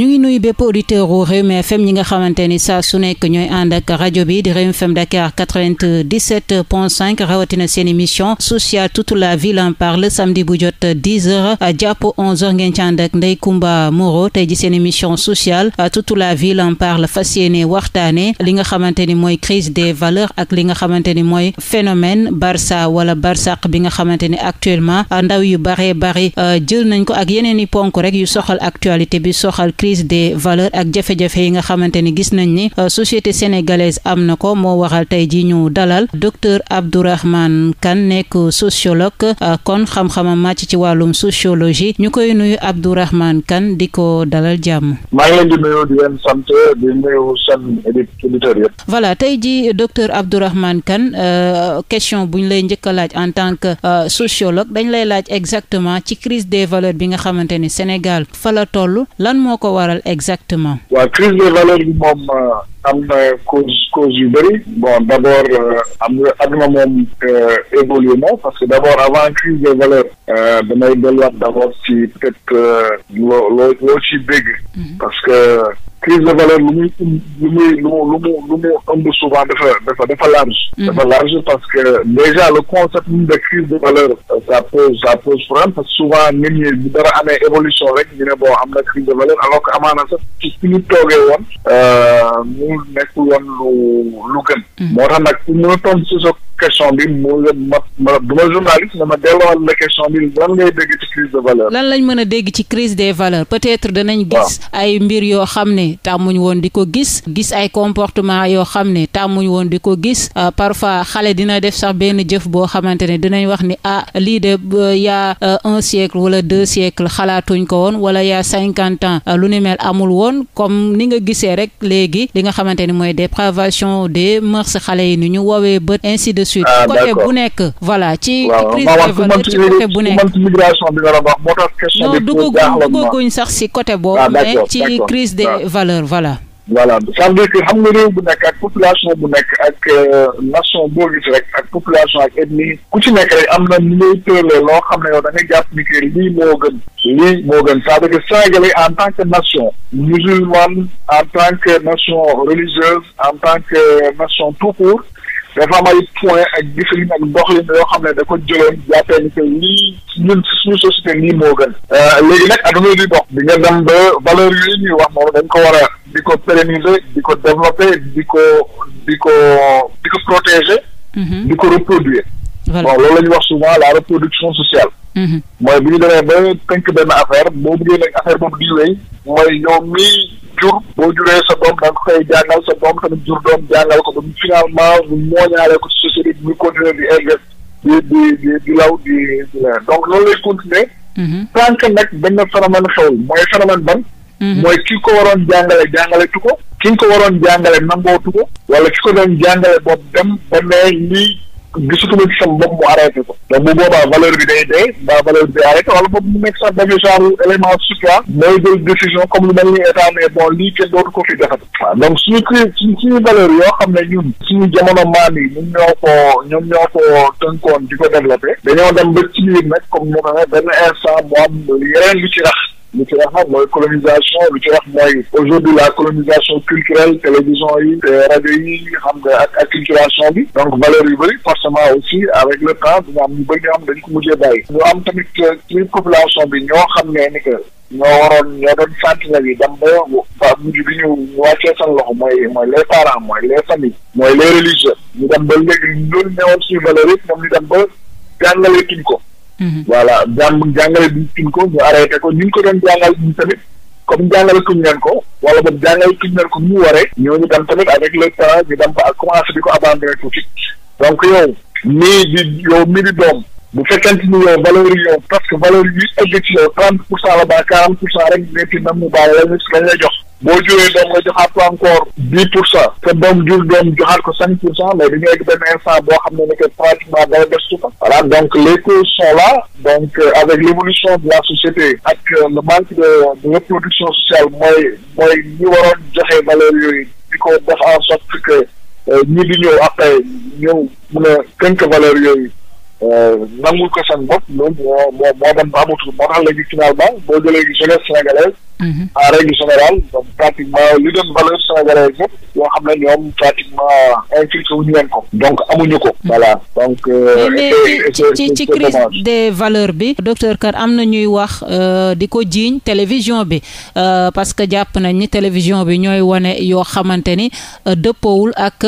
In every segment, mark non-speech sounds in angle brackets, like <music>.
ñu ngi nuyu bépp auditeur u Rewmi FM ñi nga xamante ni sa su nekk ñooy ànd ak rajo bi di Rewmi FM Dakar 97 point 5 rawatina seen émission sociale toute la ville en parle samedi bu jot 10 heures jàpp 11 heures ngeen ci ànd ak Ndeye Comba Moreau tey ji seen émission sociale toute la ville en parle fas yéene waxtaane li nga xamante ni mooy crise des valeurs ak li nga xamante ni mooy phénomène Barça wala Barsaq bi nga xamante ni actuellement ndaw yu bare bare euh, jël nañ ko ak yeneen i ponk rek yu soxal actualité crise des valeurs ak jafe-jafe yi nga xamante ni gis nañ ni euh, société sénégalaise am na ko moo waxal tey ji ñu dalal docteur Abdourahmane Kane nekk sociologue euh, kon xam-xamam màcc ci wàllum sociologie ñu koy nuyu Abdourahmane Kane di ko dalal jàmm. maa ngi leen di nuyu di leen sant di nuyu tey ji docteur Abdourahmane Kane euh, question bu lay njëkk laaj en tant que sociologue dañ lay laaj exactement ci crise des valeurs bi nga xamante ni Sénégal fa la toll lan moo ko waral exactement. waaw crise des valeurs bi moom euh, am cause cause yu bon d' euh, am na àdduna euh, parce que d' avant crise des valeurs damay delluwaat d' abord ci peut-être loo loo ci dégg mm-hmm. parce que crise de valeur lu muy lu muy lu mu lu mu lu mu ëmb souvent dafa dafa dafa large. Mm-hmm. dafa large parce que déjà le concept même de crise de valeur ça pose ça pose problème parce que souvent nit ñi bu dara amee rek ñu ne bon am na crise de valeur alors que amaana sax ci fi ñu toogee woon euh, mu nekkul woon lu lu gën. Mm-hmm. moo tax question bi mu nga ma lan dégg ci crise de valeur. lan lañ mën a dégg ci crise des valeurs peut-être danañ. gis ay mbir yoo xam ne tàmmuñ woon di ko gis. gis ay comportement yoo xam ne tàmmuñ woon di ko gis euh, parfois xale dina def sax benn jëf boo xamante ne dinañ wax ni ah lii de euh, yaa euh, un siècle wala deux siècles xalaatuñ ko woon wala yaa cinquante ans lu ni mel amul woon comme ni nga gisee rek léegi li nga xamante ne mooy dépravation des mœurs xale yi ni ñu woowee bët ainsi de suite. Ah, côté bu nekk voilà ci. crise des valeurs ah. ci côté bu nekk non duggaguñ sax si côté boobu. mais ci crise des valeurs voilà. voilà ça veut dire que xam nga réew bu nekk ak population bu nekk ak euh, nation boo gis rek ak population ak ethnie ku ci nekk rek am na ni ngay tëralee loo xam ne yow da nga jàpp ni que lii moo gën lii moo gën ça veut dire que Sénégalais en tant que nation musulmane en tant que nation religieuse en tant que nation tout court dafa am ay point ak gis-gis li doxalin yoo xam ne da ko jëloon jàppee ni que lii ñun suñu société nii moo gën. Euh, léegi nag adduna di dox. bi nga dem ba valeur yooyu ñuy wax moom dañ ko war a di ko pérenniser di ko développer di ko di ko di ko protéger. Mm-hmm. di ko reproduire. bon loolu la ñuy wax souvent la reproduction sociale. Mm-hmm. mooy bi ñu demee ba tënk benn affaire boo buggee nag affaire boobu di wéy mooy yow mii jur boo juree sa doom da nga koy jàngal sa doom tamit jur doom jàngal ko ba finalement ñu mooñaale ko ci bi ñu continuer di egg di di di di law di di la donc loolu lay continuer mm-hmm. tant que nag benn phénomène xewul mooy phénomène ban mm-hmm. mooy ki ko waroon jàngale jàngale tu ko ki nga ko waroon jàngale nangootu ko wala ki ko doon jàngale boobu dem ba ne lii gisatuma ci sama bopp mu arrêté ko donc bu boobaa valeur bi day dee mbaa valeur bi day arrêté wala boobu mu nekk sax dafa genre élément surtout mooy jël décision comme lu mel ni état bon lii kenn dootu ko fi defat waaw donc suñu suñ suñu valeur yoo xam ne ñun suñu jamono maan yi ñun ñoo ko ñoom ñoo ko tënkoon di ko développé dañoo dem ba ci biir nag comme mu ne benn instant mu am yeneen gi ci rax lu ci wax mooy colonisation lu ci wax mooy aujourd'hui la colonisation culturelle télévision yi euh, rajo yi xam nga ak acculturation bi donc valeur yu bëri forcément aussi avec le temps dina am ñu bëri ñoo xam dañ ko mujjee bàyyi ñu am tamit euh, ci population bi ñoo xam ne ni que ñoo waroon ñoo doon sentinelle yi dem ba mujj bi ñu wàccee seen loxo mooy mooy les parents mooy les familles mooy les religieux ñu dem ba léegi loolu newoon suñu valeur yëpp moom ñu dem ba jàngaleetuñ ko Mhm. voilà jàng jàngale bi ñu ko ñu arrêté ko ñu ngi ko doon jàngal ñu tamit comme jàngale tuñ leen ko wala boobu jàngale tuñ leen ko mu waree. ñooñu dem tamit avec le temps ñu dem ba commencé di ko abandonné tuuti donc yow mii di yow mii di doom. bu fekkente ni yow valeur yow parce que valeur yi ëgg ci yow trente pour cent la ba quarante pour cent rek nekk na mu baax la ñu la jox. boo juree doom nga joxaat ko encore di pour cent te doom jur doom joxaat ko cinq pour cent mais dañu egg benn instant boo xam ne ni que pratiquement dara destu fa ah. voilà donc les causes sont là donc euh, avec l'évolution de la société ak euh, le manque de de reproduction sociale mooy mooy ñi waroon joxe valeur yooyu di ko def en sorte que euh, ñi di ñëw après ñëw mun a tënk valeur yooyu Euh, nangul ko seen bopp loolu moo moo moo dem ba amatul moo tax léegi finalement boo jëlee gi jeunesse sénégalaise. Mhm. en règle générale donc pratiquement li doon valeur sénégalaise yëpp yoo xam ne ñoom pratiquement infiltré wuñu leen ko. donc amuñu ko. Mhm. voilà donc. Euh, ci ci crise des valeurs bi. docteur Kane am na ñuy wax euh, di ko jiiñ télévision bi parce que jàpp nañ ni télévision bi ñooy wane yoo xamante ni dëppoowul ak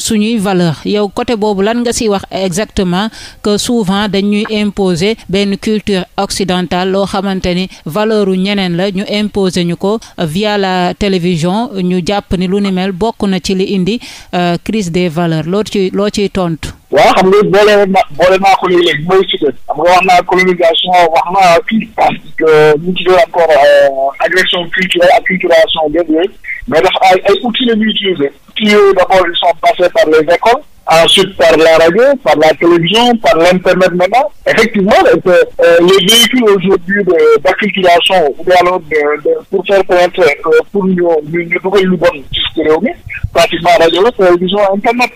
suñuy valeur yow côté boobu lan nga siy wax exactement. que souvent dañuy imposé benn culture occidentale loo xamante ni valeur u ñeneen la ñu imposer ñu ko via la télévision ñu jàpp ni lu ni mel bokk na ci li indi euh, crise des valeurs loo ci loo ciy tontu. waaw xam nga wax naa boole naa ko léegi léegi mooy sudee xam nga wax naa colonisation wax euh, mais dafa ay ay outils la ñuy utiliser outils yooyu d'abord ils par les écoles ensuite par la radio, par la télévision, par l'Internet maintenant. Effectivement, euh, euh les véhicules aujourd'hui d'acculturation ou alors de, de, pour faire connaître euh, pour nous, nous, nous, bonne pratiquement radio, télévision, Internet.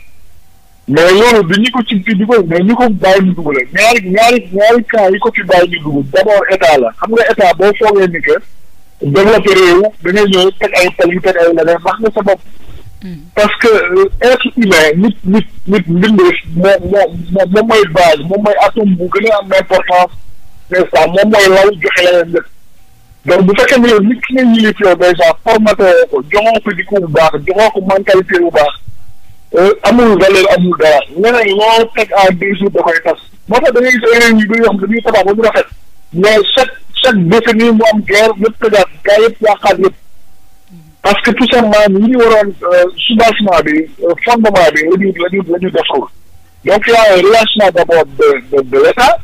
mais loolu bi ñu ko ci di ko mais ñu ko bàyyi ñu dugg la ñaari ñaari ñaari cas yi ko ci bàyyi ñu dugg d'abord état la xam nga état boo foogee ni que développé réew da ngay ñëw teg ay pal yi teg ay leneen wax nga sa bopp Mm. parce que euh, être humain nit nit nit mbindeef moo moo moom mooy base moom mooy atome bu gën a am importance n'est-ce pas moom mooy law joxe leneen lépp donc bu fekkee ne nit ki nga yilif yow déjà formaté woo ko joxoo ko jikko bu baax joxoo ko mentalité bu baax euh, amul valeur amul dara leneen loo teg à deux jours da koy tas moo tax da ngay gis yeneen yi bi nga xam ne dañuy tabax ba mu rafet mais chaque chaque décennie mu am guerre lépp tëjaat gaa yëpp yàqaat yëpp parce que tout simplement ñi ñu waroon euh, soubassement bi euh, fondement bi la ñu la ñu la ñu deful donc y a un relâchement d'abord de de de l'État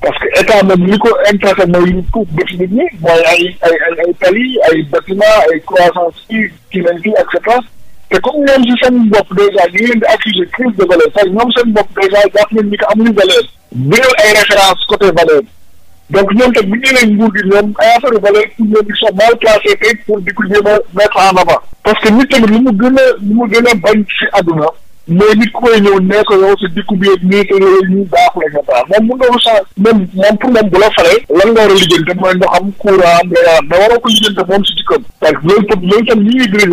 parce que état moom li ko intéressé mooy li tuub def nit ñi mooy ay ay ay ay ay bâtiment ay croissance kii kii nañ kii et cetera te comme ñoom si seen bopp dèjà ñu ngi leen di accuser crise de valeur sax ñoom seen bopp dèjà jàpp nañ ni que amuñu valeur. biral ay référence côté valeur. donc ñoom tamit bu ñu ñëwee nguur gi ñoom ay affaire valeur pour ñoom ils mal placés tey pour di ko jéem a mettre en avant. parce que nit tamit lu mu gën a lu mu gën a bañ ci àdduna. ko yow sa dikku bi nii te yooyu ñu baax la nga baax moom mun loolu sax lan nga war a lijjante moom si dikkam parce que loolu tam loolu tam ñi ñuy dirigé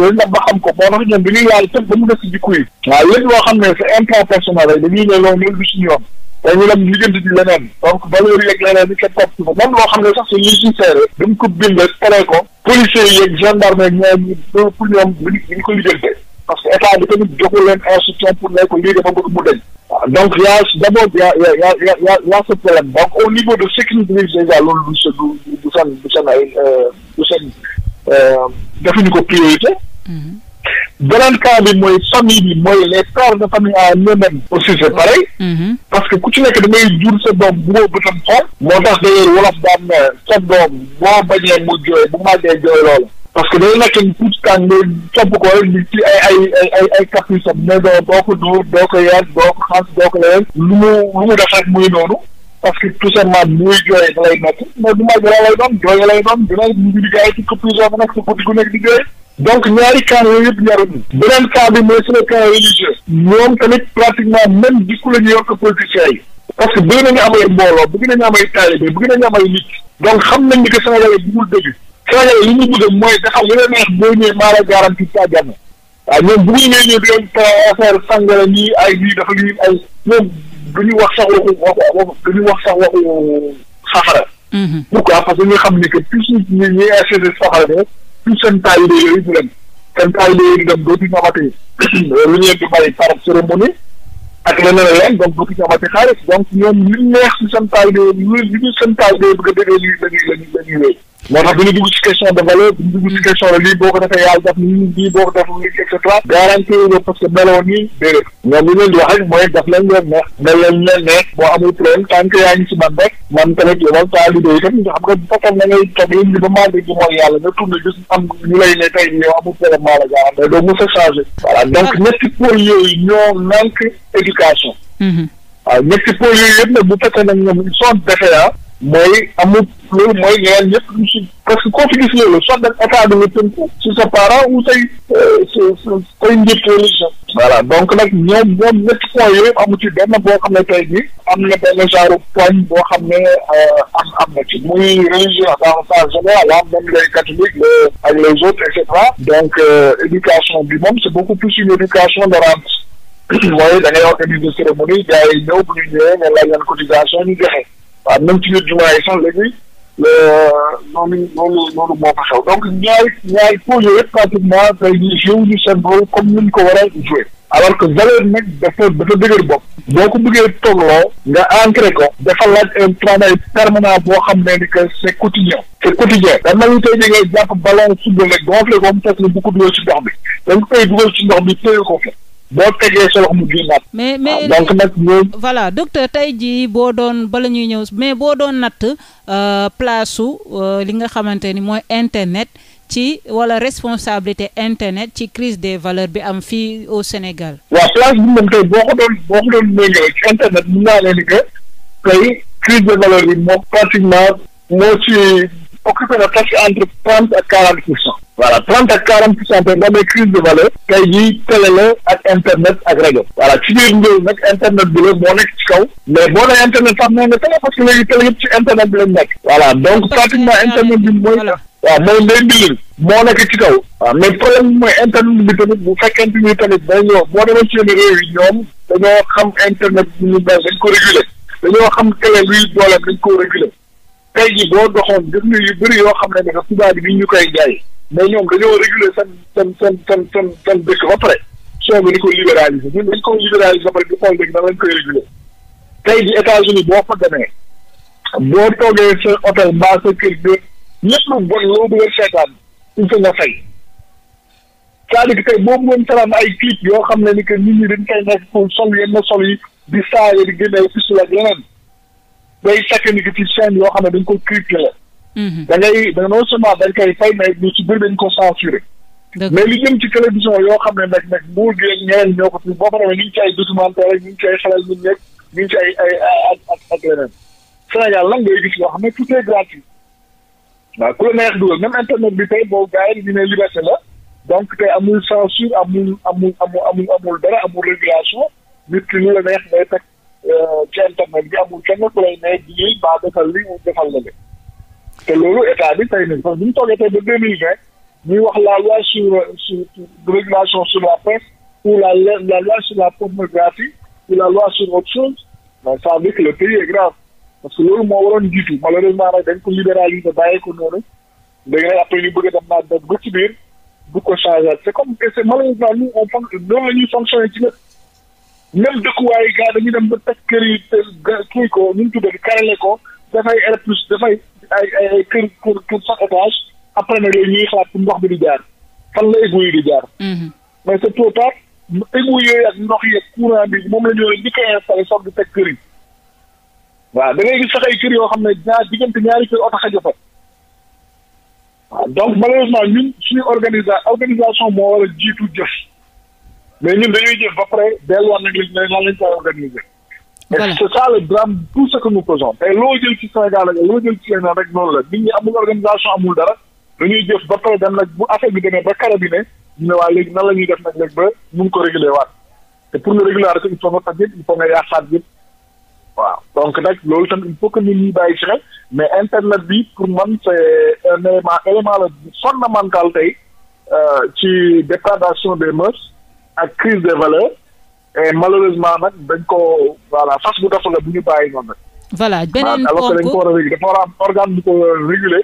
ko moo tax ñoom dañuy laal tëb ba mu def si dikku yi waaw lépp loo xam ne c'est intrapersonnel rek dañuy ne loolu loolu du suñu yoon te ñu dem liggéeyam ci leneen donc valeur yeeg leneen ni kenn topp ci loo xam ne sax suñu légiféré dañ ko bind tere ko policiers yeeg gendarme yeeg ñoom ñu ba pour ñoom bu ñu ko liggéeyante parce que état bi tamit joxul leen instruction ne ko lii ko bëgg mu deñ waaw donc y' a d'abord y' a y' a y' a y' a ce problème donc au niveau de sécurité déjà loolu du seen du seen du seen ay euh, du seen euh, defuñu ko priorité. Mm-hmm. beneen cas bi mooy famille bi mooy les pères de famille en eux-mêmes aussi c' est pareil mm-hmm. parce que ku ci nekk damay jur sa doom bu boo bëtam xool moo tax d'ailleurs wolof daan ne sa boo bañee mu jooy bu màggee jooy lool parce que day nekk ni tuuti tàng nga topp ko rek ci ay ay ay ay ay caprice am mais doo doo ko dóor doo ko yar doo ko xas doo ko lu mu lu mu def rek muy noonu parce que tout simplement muy jooy lay nekk mais bu màggee lay doon jooy lay doon dina ñu ngi liggéey ci coppite nekk sa guddi gu nekk di donc ñaari camp yooyu yëpp ñaari beneen camp bi mooy c'est le camp religieux ñoom tamit pratiquement même dikku la ñu yor ko politiciens yi parce que bëgg nañu am ay mbooloo bëgg nañu am ay taalibe am ay nit donc xam nañ ni que Sénégal bëggul dëgg Sénégal li ñu bëgg mooy dafa am lu leen neex boo ñëwee maa la garanti sa jàmm waaw ñoom bëgguñu ngay ñëw di leen affaire sangara nii ay lii dafa lii ay ñoom duñu wax sax waxu waxu duñu wax sax waxu safara pourquoi parce que ñu xam ni que plus ñu ñuy tout seen taalibe yooyu di dem seen taalibe yooyu di dem dootuñu amati <clears throat> lu ñu leen di may par cérémonie ak leneen leneen donc dootuñu amati xaalis donc ñoom li neex si seen taalibe yooyu li ñu seen taalibe moo tax bu ñu dugg ci question de valeur bu ñu dugg ci question de lii boo ko defee yàlla def nii lii boo ko def nii et cetera garantie wu parce que meloon li di wax rek mooy def leen leen neex mel leen leen neex boo amul problème tant man rek man tamit yow ta liggéey itam nga xam nga bu fekkee na ngay toog indi ba maa ngi mooy yàlla nga tourné gis am ñu lay la gaa am doo mos a changé voilà donc ah. ñetti pôle yooyu ñoo nànk éducation mm-hmm. waaw ñetti pôle yooyu yëpp nag bu fekkee nag ñoom mooy amul loolu mooy ñeneen ñëpp ñu si parce que koo fi gis loolu soit nag état bi nga tënk si sa parent ou say euh, say njiit religion voilà donc nag ñoom ñoom ñetti points yooyu amu ci benn boo xam ne tey jii am na benn genre poñ boo xam ne euh, am am na ci muy religion dans le sens général ah même les catholiques les ak les autres et cetera donc euh, éducation bi moom c'est beaucoup plus une éducation de rente <coughs> mooy da ngay organiser cérémonie gars yi ñëw bu ñu ñëwee nga laaj leen cotisation ñu joxe. waaw même ci biir jumaa yi sax léegi noonu noonu noonu moo fa xew donc ñaari ñaari projet yëpp pratiquement tey jii joué ñu seen rôle comme ni ñu ko war a joué alors que valeur nag dafa dafa dëgër bopp boo ko bëggee toogloo nga ancré ko dafa laaj un travail permanent boo xam ne ni que c'est se c'est quotidien da mel ni tey jii ngay jàpp ballon football rek gonflé ko mu fekk la bu ko dugal ci bi da nga koy dugal ci ndox bi téye ko boo tegee sa mu génnaat. mais mais ah, donc nag voilà docteur tey jii boo doon bala ñuy ñëw mais boo doon natt euh, place su euh, li nga xamante ni mooy internet ci wala responsabilité internet ci crise des valeurs bi am fii au Sénégal. waaw place bi moom tey boo ko doon boo ko doon méngale ci internet mun naa leen ni tey crise des valeurs bi moom pratiquement moo ci. occupé na presque entre trente ak quarante pour cent voilà trente ak quarante pour cent te nga amee crise de internet ak rajo voilà ci nag internet bi la moo nekk ci mais boo nee internet sax nee nga télé parce que léegi télé yëpp ci internet bi la nekk voilà donc pratiquement internet bi mooy waaw mooy ndey mbilin internet bi bu fekkente ni tamit dañoo boo demee ci yenn réew yi ñoom dañoo xam internet bi ñu mel dañ ko réguler dañoo xam télé luy dooleem dañ ko réguler tey jii boo doxoon gis nga yu bëri yoo xam ne dafa tubaab bi ñu koy jaay mais ñoom dañoo réguler seen seen seen seen seen seen dëkk ba pare soog di ko libéraliser ñun dañ ko libéraliser ba pare di xool léegi nan lañ koy réguler tey jii États-Unis boo fa demee boo toogee sa hôtel mbaa sa kër gi ñëpp lu bon loo bëgg a seetaan il faut nga fay cest à tey boo mënoon faram ay clip yoo xam ne ni que nit ñi dañ koy nekk pour sol yenn sol yi di saa yi di génne fii si la day sacrificatif yoo xam ne dañ ko culturé. Mhm. da ngay da non seulement dañ koy fay mais lu ci bëri dañ ko censuré. mais li jëm ci télévision yoo xam ne nag nag nguur gi ak ñeneen ñoo ko fi boo ko demee ñu ngi ci ay documentaire ñu ngi ci ay xelal ñun ñëpp ñu ngi ci ay ay ay ak ak leneen. Sénégal lan ngay gis yoo xam ne tout est gratuit. waaw ku la neex dugal même internet bi tey boobu gars yi ñu ne liberté la donc tey amul censure amul amul amul amul amul dara amul régulation nit ki ñu la neex day te ci internet bi amul kenn ku lay ne lii baa defal lii mu defal la leen te loolu état bi tey nañ parce que bu ñu toogee tey ba deux mille vingt ñuy wax la loi sur sur régulation sur la presse ou la la loi sur la pornographie ou la loi sur autre chose mais ça veut dire que le pays est grave parce que loolu moo waroon jiitu malheureusement nag dañ ko libéraliser bàyyi ko noonu léegi nag après ñu bëgg a dem naa dem ba ci biir bu ko changer c'est comme c'est malheureusement nous on fonctionne noonu la ñuy fonctionner ci même dëkkuwaay yi gars dañuy dem ba teg kër yi kii ko nu mu tuddati karale ko dafay air plus dafay ay ay kër kër kër chaque étage après nag léegi ñuy xalaat ndox bi di jaar fan la égout yi di jaar. Mm-hmm. mais c'est trop tard égout yooyu ak ndox yi ak courant bi moom la ñu war a njëkk a installé soog di teg kër yi. waaw da gis sax ay kër yoo xam ne ñaar diggante ñaari kër oto xaj a fa. waaw donc malheureusement ñun suñu organisa organisation moo war a jiitu jëf. mais ñun dañuy jël ba pare delluwaat nag lañ lan lañ koy organiser. voilà c'est ça le drame tout ce que nous faisons tey loo jël ci Sénégal rek loo jël noonu la nit ñi amul organisation amul dara dañuy jëf ba pare dem nag bu affaire bi demee ba carabine ñu ne waa léegi nan la ñuy def nag léegi ba mun ko réguler waat te pour nga réguler waat il faut nga toj il faut nga yaasaat yëpp waaw donc nag loolu tamit il faut que nit ci xel mais internet bi pour man c'est un élément élément la fondamental tey euh, ci dégradation des mœurs ak crise des valeurs et malheureusement nag dañ ko voilà fas bu dafa la bu ñu bàyyi noonu nag. voilà beneen alors que dañ ko war a réguler dafa war a organe bu ko réguler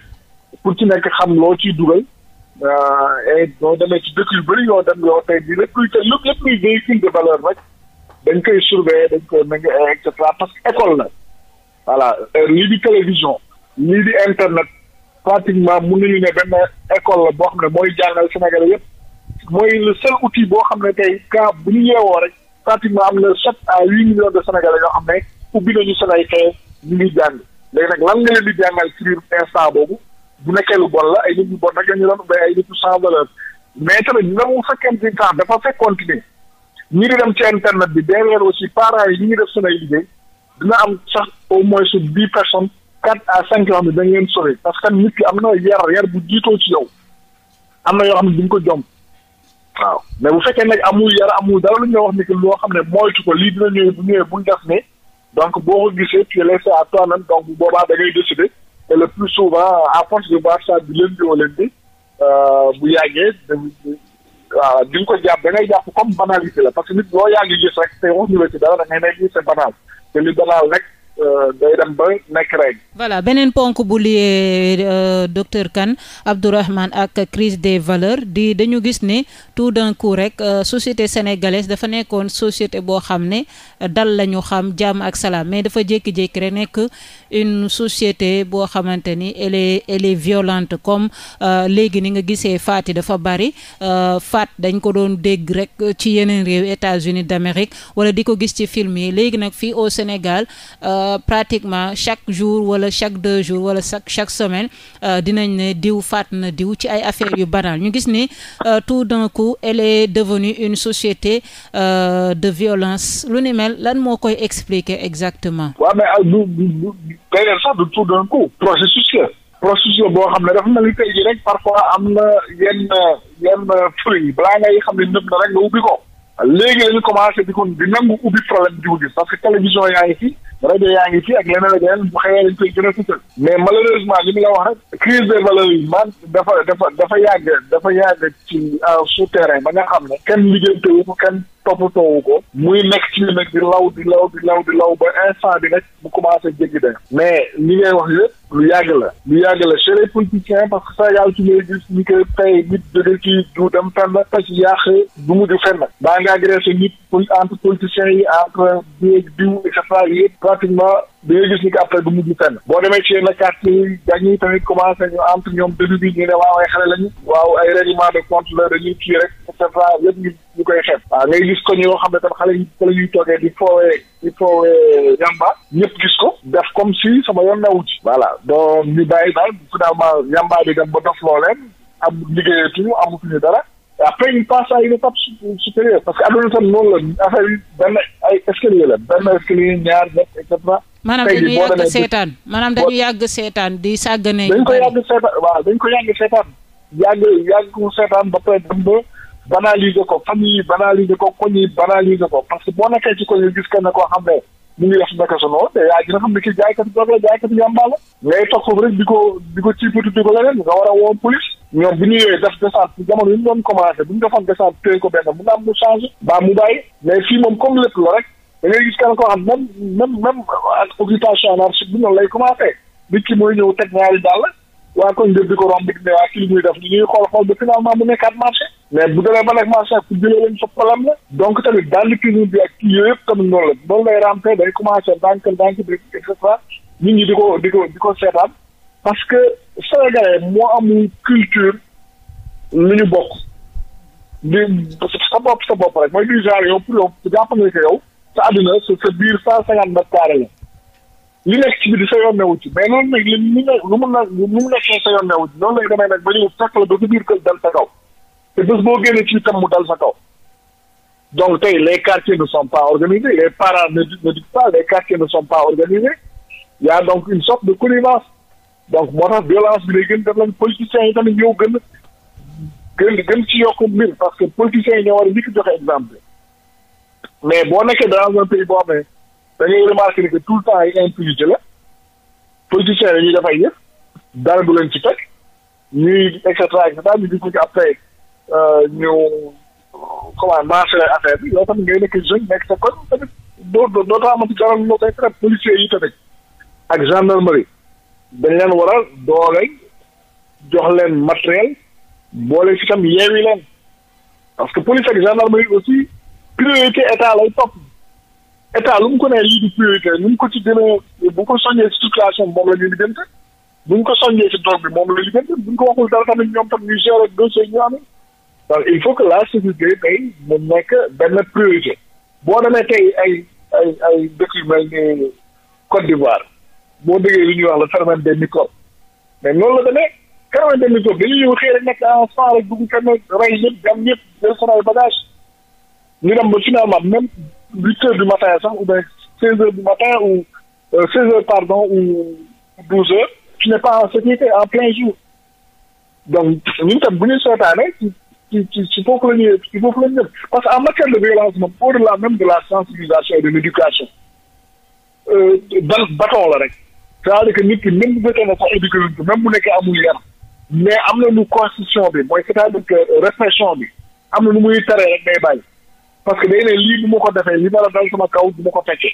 pour ci nekk xam loo ciy dugal. Euh, et doo demee ci dëkk yu bëri yoo dem yoo tey jii lépp luy de valeur rek dañ koy surveiller dañ koy nangu et cetera parce que école na voilà euh, lii di télévision lii di internet pratiquement mun nañu ne benn école la boo xam ne mooy jàngal Sénégal yëpp. mooy le seul outil boo xam ne tey cas bu ñu yeewoo rek pratiquement am na sept à huit millions de sénégalais yoo xam ne ubbi nañu seen ay xëy ñu ngi jàng léegi nag lan nga leen di jàngal ci biir instant boobu bu nekkee lu bon la ay nit ñu bon rek la ñu doon ubbee ay nit ñu sans valeur mais tamit même bu fekkente ni temps dafa ci aussi parents yi ñu ngi def seen ay liggéey dina am sax au moins su dix personnes quatre à cinq yoo xam ne da ngeen sori parce que nit ki am na yar yar bu jiitoo ci yow am na yoo xam ne duñ ko jom. waaw mais bu fekkee nag amul yara amul dara lu ñu wax ni loo xam ne moytu ko lii dina ñëwee bu ñëwee bu ñu def donc boo ko gisee tu es sa à toi-même donc boobaa da ngay décider et le plus souvent à force de voir ça bi leen di woo leen euh, bu yàggee waaw di nga ko jàpp da ngay jàpp comme banalité la parce que nit boo yàgg gis rek te wax ñu la ci dara da ngay nekk c'est banal te li banal rek. Euh, voilà beneen ponk bu liyee euh, docteur Kane Abdourahmane ak crise des valeurs di dañu gis ne tout d'un coup rek euh, société sénégalaise dafa nekkoon société boo xam ne dal la ñu xam jàmm ak salaam mais dafa jékki-jékki rek nekk. une société boo xamante ni elle est elle est violente comme euh, léegi ni nga gisee faat yi dafa bari euh, faat dañ ko doon dégg rek ci yeneen réew États-Unis d'Amérique wala di ko gis ci film yi léegi nag fii au Sénégal euh, pratiquement chaque jour wala chaque deux jour wala chaque chaque semaine dinañ ne diw faat na diw ci ay affaires yu banal ñu gis ni tout d'un coup elle est devenue une société de violence lu ni mel lan moo koy expliquer exactement PDS sax du tout d'un la boo xam ne dafa mel ni tey jii rek parfois am na yenn yenn fruits yi balaa ngay xam ne nëb na rek nga ubbi ko léegi la ñu commencé di kon di nangu ubbi problème jiwu gi parce que télévision yaa ngi fi rajo yaa ngi fi ak leneen ak leneen bu xëyee dañ koy gën a fësal mais malheureusement li mu la wax rek crise des valeurs man dafa dafa dafa yàgg dafa yàgg ci sous terrain ba nga xam ne kenn liggéey tewu ko kenn toppatoowu ko muy nekk ci nag di law di law di law di law ba instant bi nag mu commencé jéggi de mais li ngay wax yëpp lu yàgg la lu yàgg la chez les politiciens parce que Sénégal ci ngay gis ñu koy tey nit dëgg ci du dem fenn parce que yàq du mujj fenn baa nga agressé nit entre politiciens yi entre bieg diw et cetera pratiquement da ngay gis ni que après du mujj fenn boo demee ci yenn quartier yi dañuy tamit commencé ñu entre ñoom début bi ñu ne waaw ay xale lañu waaw ay règlement de compte la dañuy kii rek et cetera yëpp ñu ñu koy xeeb waaw ngay gis ko ñoo xam ne tam xale yi fa la ñuy toogee di foowee di foowee yamba ñëpp gis ko def comme si sama yoon newu ci voilà donc ñu bàyyi daal finalement yamba bi dem ba dof loo leen am liggéeyatuñu amatuñu dara après il passe à une étape supérieure parce que adduna tam noonu la affaire benn ay escalier la benn escalier ñaar ñett et cetera. maanaam dañu yàgg seetaan maanaam dañu yàgg seetaan di sàggane. dañ koy yàgg seetaan waaw dañ ko yàgg seetaan yàgg yàgg ko seetaan ba pare dem ba banaliser ko famille banaliser ko koñ yi banaliser ko parce que boo nekkee ci koñ yi gis kenn koo xam ne. mu ngi def naka sa noonu te yaa gën a xam ne kii jaaykatu drogue la jaaykatu yàmba la ngay toog foofu di ko di ko ciipatu di ko leneen nga war a woo police def descente bi jamono yi ñu doon commencé bu ñu defoon descente téye ko benn mu naan mu changé baa mu bàyyi mais fii moom comme lépp la rek da ngay gis kenn koo xam même même même ak lay commencé nit ki mooy ñëw teg ñaari dàll waa koñ bi di ko romb ne waa kii li muy def ñu ñuy xool xool ba finalement mu nekkaat marché mais bu demee ba nekk marché ak fu jëlee lañ sa problème la donc tamit bi ak kii yooyu yëpp tamit noonu la noonu lay rampe day commencé ndànk ndànk di et cetera nit ñi di ko di ko di ko seetaan parce que sénégalais moo amul culture lu ñu bokk di sa bopp sa bopp rek mooy du genre yow pour yow jàpp nga sa àdduna sa biir cent cinquante mètres carrés li nekk ci biir sa yoon newu ci mais loolu nag li mu ne lu mu na lu mu nekkee sa yoon newu ci noonu lay demee nag ba ñu fekk la ba ci biir kër sa kaw te bés boo génnee ci les quartiers ne sont pas organisés les parents ne ne disent pas les quartiers ne sont pas organisés y a donc une sorte de connivence donc moo tax violence bi day gën def lañ politiciens yi tamit ñëw gën gën gën ci yokk mbir parce que politiciens yi ñoo war a njëkk joxe exemple mais boo nekkee dans un pays boo xam da ngay remarqué ni que tout le temps ay impunité la politiciens yi ñuy def ay yëpp dara du leen ci teg ñuy et cetera et cetera ñu di ko ci après euh, ñu comment marché affaire bi yow tamit ngay nekk jeune nekk sa kon tamit doo doo doo tax amati dara loo koy traité policiers yi tamit ak gendarmerie dañ leen war a doole jox leen matériel boole si tam yeewi leen parce que police ak gendarmerie état lu mu ko nee lii di priorité nu mu ko ci gën a ko soññee ci circulation moom la ñuy liggéeyante bu ñu ko soñee ci drogue bi moom la liggéeyante bu ñu ko waxul dara tamit ñoom tam ñuy gérer dossier ñu amee donc il faut que la sécurité tey mu nekk benn priorité boo demee tey ay ay ay dëkk yu mel ni Côte d'Ivoire boo déggee li ñuy wax la phénomène des microbes mais noonu la demee phénomène des microbes dañuy ñëw xëy rek nekk en sang rek dugg rey ñëpp jam ñëpp jël seen ay bagage ñu dem ba finalement huit heures du matin sax ou bien seize heures du matin ou euh, seize heures pardon ou douze heures tu n'es pas en sécurité en plein jour donc ñun tam bu ñu seetaanee ci ci ci ci foofu la ñuy ci foofu la que en matière de violence moom au-delà même de la sensibilisation et de l'éducation ban euh, bâton la rek c'est-à-dire que nit ki même bu fekkee ne sax éduqué même bu nekkee amul yar mais am na lu constitution bi mooy c'est-à-dire que répression bi am na lu muy taree rek day parce que day ne lii bi ma ko defee li ma la dal sama kaw du ko fekkee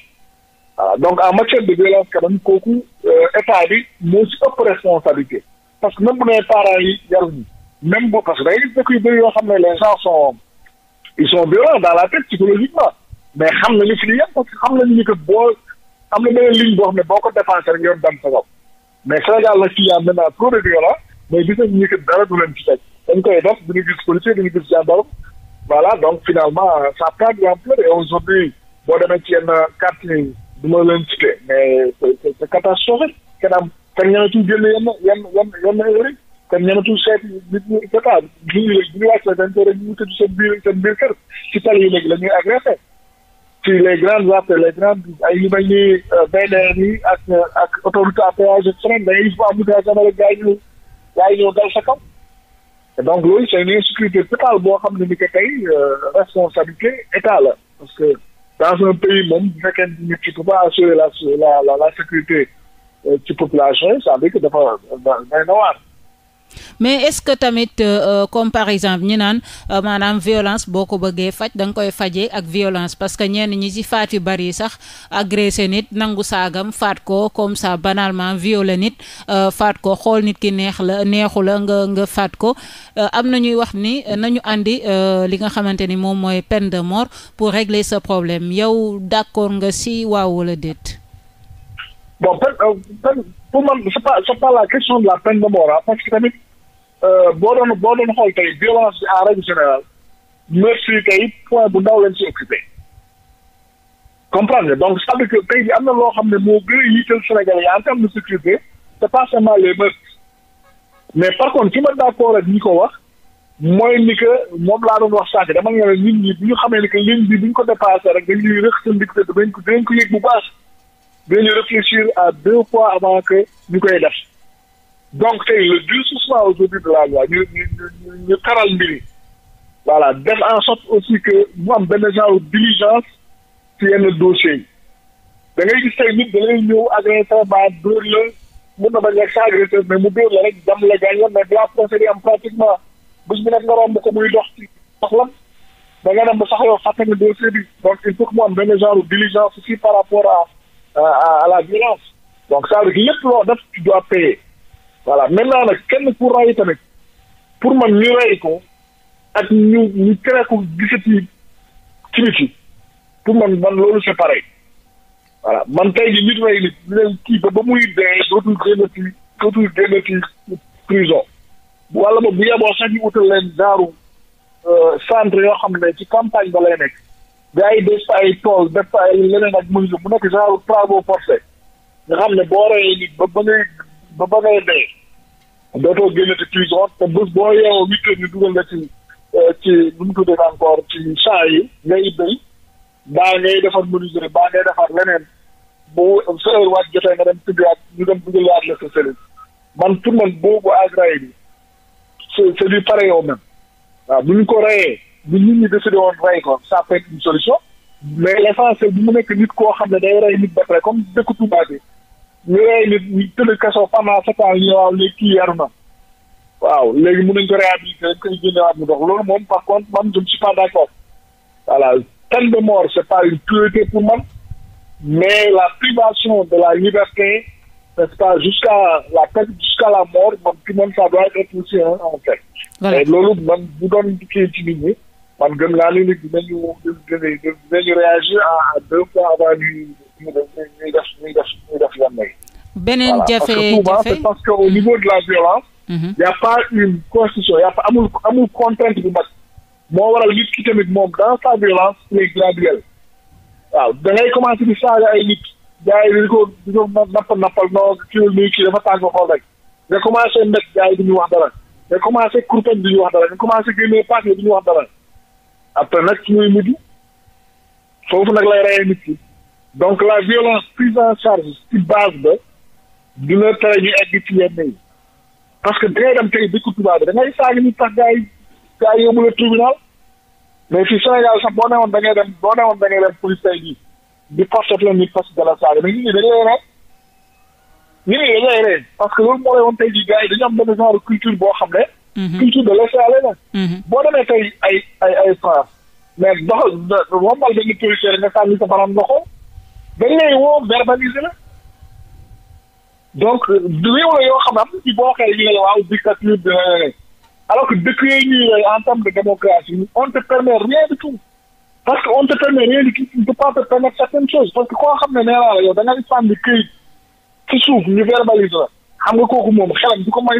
voilà donc en matière de violence quand même kooku euh, état bi moo ci ëpp responsabilité parce que même bu nee parents yi yaruñu même bu parce que day dëkk yu bëri yoo xam ne les gens sont ils sont violents dans la tête psychologiquement mais xam na li fi ñu yem parce que xam nañu ni que boo am na beneen ligne boo xam ne boo ko dépensé rek yoon dam sa bopp mais Sénégal nag fii y a maintenant trop de violence mais voilà donc finalement euh, ça prend de l'ampleur et aujourd'hui boo demee ci yenn euh, quartier yi du ma leen cité mais c'est c'est catastrophique kenn am kenn ñemetul génn yenn yenn yenn yenn heure yi kenn ñemetul seet nit ñi et cetera ñu ñu ñu wàcc dañ ko rek ñu wutati seen biir seen biir kër ci tali yi léegi la ñuy agressé ci les grandes affaires les grandes ay yu mel ni euh, BDR yi ak ak autoroute à péage et cetera dañuy gis bu embouteillage am rek gars yi ñu gars yi ñëw dal sa kaw donc loolu se une insécurité totale boo xam ne ni que tey euh, responsabilité état la parce que dans un pays moom bu fekkee nit ki peut pas assurer la la la sécurité euh, ci population ça veut dire que dafa day na waar mais est-ce que tamit euh, euh, comme par exemple ñi naan euh, maanaam violence boo ko bëggee faj danga koy fajee ak violence parce que ñenn ñi ci faat yu bari sax agressé nit nangu saagam faat ko comme ça banalement violé nit euh, faat ko xool nit ki neex la neexu la nga nga faat ko am na ñuy wax ni nañu andi li nga xamante ni moom mooy peine de mort pour régler ce problème yow d'accord nga si waaw wala déet. pour man c'est pas c'est pas la question de la tamit euh, boo doon boo doon xool tey violence bi en règle générale merci point bu ndaw leen si occupé donc c'est-à-dire que tey bi am na loo xam ne moo gën a yitteel Sénégal yi en terme de sécurité c'est pas mais par contre ci ma d'accord ak ñi ko wax mooy ni que moom laa doon wax sànq dama ne nit ñi bu ñu xamee ni que ligne bi bu ñu rek dañuy rëq sa ndig te dinañ ko dinañ ko yëg bu baax. dinañu réfléchir à deux fois avant que ñu koy def donc tey le ñu taral mbiri voilà def en sorte aussi que mu am benn genre diligence ci da ngay gis tey nit da ngay ñëw agresseur ba dóor la mun na ba a sa agresseur mais mu dóor la rek jam la gaañoon mais balaa procès yi am pratiquement bés bi nag nga romb ko muy dox ci soxlam da nga dem ba sax yow fàtte nga dossier bi donc il faut mu am benn genre diligence aussi par rapport à à, à, à la violence donc ça veut dire yëpp loo def tu voilà maintenant nag kenn ku rey tamit pour man ñu rey ko ak ñu ñu tere ko gisati ci nit yi pour man man loolu c'est pareil voilà man tey jii nit rey kii ba ba muy dee dootul génnati dootul wala ba bu yeboo sax ñu utal leen daaru euh, centre yoo xam ne ci campagne ba lay nekk gars yi def ay tool def ay leneen ak mënuñu mu nekk genre travaux forcés nga xam ne boo reyee nit ba ba ngay ba ngay dee dootoo génnati prison te bés boo yeewoo huit heures ñu dugal la ci euh, ci nu mu tuddee encore ci champs yi ngay béy baa ngay defar menuiserie baa ngay defar leneen bu sa heure waat jotee nga dem tibbiwaat ñu dem dugal waat la sa cellule man pour man boobu agray bi c'est c'est du pareil au même bu ñu ko reyee bu nit ñi décidé woon rey ko ça peut être une solution mais l'essentiel bi mu nekk nit koo xam ne day rey nit ba pare comme dëkk Touba bi ñu rey nit ñu tëdd kaso pendant sept ans ñu waaw léegi kii yaru na waaw léegi mën nañ ko réhabiliter dañ koy génnewaat mu dox loolu moom par contre man je ne suis pas d'accord voilà peine de mort c'est pas une priorité pour man mais la privation de la liberté n'est-ce pas jusqu'à la peine jusqu'à la mort man ci man ça doit être aussi un en fait. voilà loolu man bu doon kii ci nit ñi. man gëm naa ni nit dinañu dinañu réagir a deux fois avant ñuy ñuy def ñuy def ñuy def ñuy def yenn yi. beneen jafe-jafe voilà parce que souvent c'est parce que au niveau de la violence. Mhm. y a pas une constitution y a pas amul amul contrainte bu mag. moo waral nit ki tamit moom dans sa violence c'est graduel. waaw da ngay commencer di saaga ay nit. gars yi dañu ko dañu nappal non kii nii kii dafa tàng xool rek. nga commencer mbëgg gars yi ñu wax dara. nga commencer kurpeñ du ñu wax dara nga commencer génnee du ñu wax dara. at nag ci ñuy mujj foofu nag lay reyee nit ki donc la violence prise en charge ci base ba dina tere ñu egg ci yenn parce que dangay dem tey dëkku tubaab bi da ngay saag ni tax gars yi gars yi yóbbu la tribunal mais fii Sénégal sax boo newoon da ngay dem boo newoon da ngay dem police tey di forcer leen nit parce que dala saag mais nit ñi dañ lay ñi dañ lay rey parce que loolu moo lay woon tey jii gars yi dañu am culture boo xam ne. culture de laisser aller la. boo demee tey ay ay ay France mais doxal rombal benn policier nga sànni nga ko dañ lay woo verbaliser la donc réew la yoo xam ne ci boo xoolee ñu bi la alors que dëkk yooyu ñuy yore en termes de démocratie on te permet rien du tout parce que on te permet rien du tout on ne peut pas te permettre koo xam ne nee da nga di sànni këyit ci suuf verbalise la nga kooku moom xelam du ko may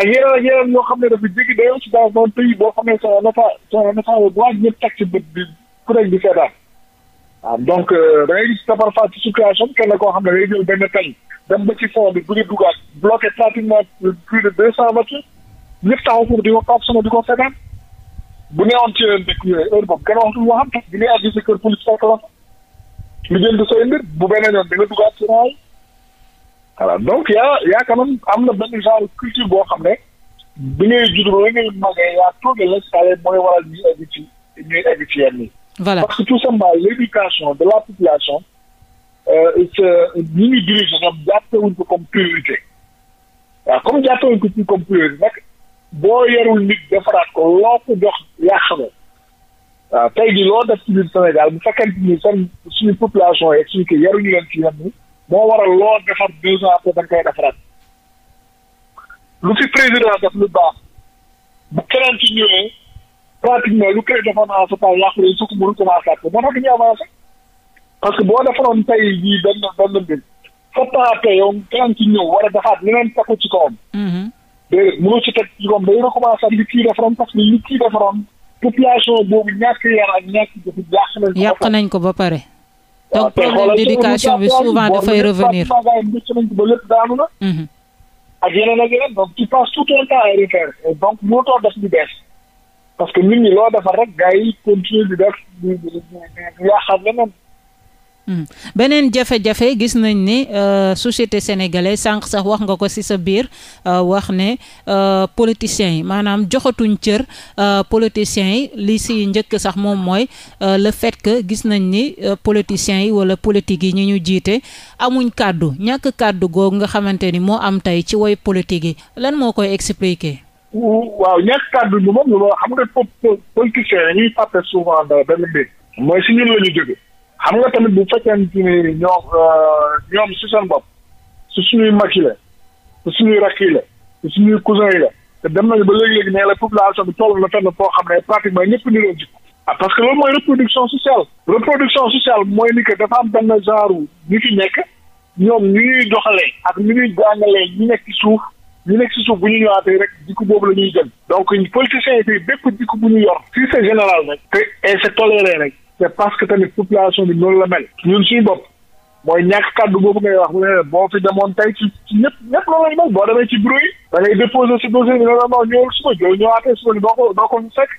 ak yeneen ak yeneen yoo xam ne dafa jéggi dayoo si dans un pays boo xam ne sa nata sa nata le droit ñëpp teg ci bët bi ku nekk di seetaan waaw donc euh, da ngay gis ne situation kenn koo xam ne day jël benn tañ dem ba ci fond bi bu ñu dugaat bloqué pratiquement plus de deux cent voitures ñëpp taxaw di ko toog sama di ko seetaan bu neewoon ci yeneen dëkk yooyu heure boobu kenn waxtu waxam di ngay àgg sa kër jënd sa mbir bu beneen yoon di nga dugaat ci voilà donc yaa yaa quand am na benn genre culture goo xam ne bi ngay judd ba ngay magee yaa toog la sale mooy waral ñuy habitué ñuy habitué yenn yi. voilà parce que tout simplement l' éducation de la population. Euh, ñi ñu dirige ñoom jàppewuñ ko comme priorité waaw comme jàppewuñ ko comme priorité nag boo yarul nit defaraat ko loo jox yàq na waaw tey jii loo def ci biir Sénégal bu fekkente ni seen suñu population yi expliqué yaruñu leen ci yenn moo waral loo defar deux ans après da nga defaraat lu fi président def lu baax bu keneen ci ñëwee pratiquement lu koy defoon en ce temps yàqu yi su ko parce que boo defaroon tey jii benn benn mbir foppaate yow keneen ci ñëw war a defaat leneen takku ci kawam mm-hmm. ci teg ci kawam day recommencer li kii parce que li kii defaroon population boobu ñàkk yar ak ñàkk jëf yàq nañ nañ ko ba pare donc problème d'éducation bi souvent dafay revenir. ak yeneen ak yeneen donc tu passes tout ton temps à refaire et donc moo tax def di bees parce que nit ñi loo defar rek gars yi continuer di def di di di yaaxaat leneen. Hmm. beneen jafe-jafe gis nañ ni euh, société sénégalaise sànq sax wax nga ko ci sa biir euh, wax ne euh, politiciens yi maanaam joxatuñ cër politiciens yi li ci njëkk sax moom mooy le fait que gis nañ ni politiciens yi walla politique yi ñu ñu jiite amuñ kàddu ñàkk kàddu googu nga xamante ni moo am tey ci woy politique yi lan moo koy expliquer. waaw ñàkk kàddu bi moom lu xam nga politiciens yi ñuy fàtte souvent benn mbir mooy ci ñun la jóge xam nga tamit bu fekkente ni ñoom euh, ñoom si seen bopp su suñuy mag yi la su suñuy rakk yi la su suñuy cousin yi dem nañu ba léegi-léegi ne la population bi toll na fenn foo xam ne pratiquement ñëpp ni doon jikko ah parce que loolu mooy reproduction sociale reproduction sociale mooy ni que dafa am benn genre ñu fi nekk ñoom ñu ñuy doxalee ak ñu ñuy leen ñu nekk ci suuf ñu nekk ci suuf bu ñu ñëwaatee rek jikko boobu la ñuy jël donc politiciens yi tey bépp bu ñu yor si c'est général rek te et rek c'est parce que tamit population bi noonu la mel. ñun suñu bopp mooy ñàkk kàddu boobu ngay wax ne boo fi demoon tey ci ci ñëpp ñëpp loolu lañ mel boo demee ci bureau yi. da ngay déposé si dossier bi normalement ñëwul suba jooju ñëwaatee suba bi doo ko doo ko fekk.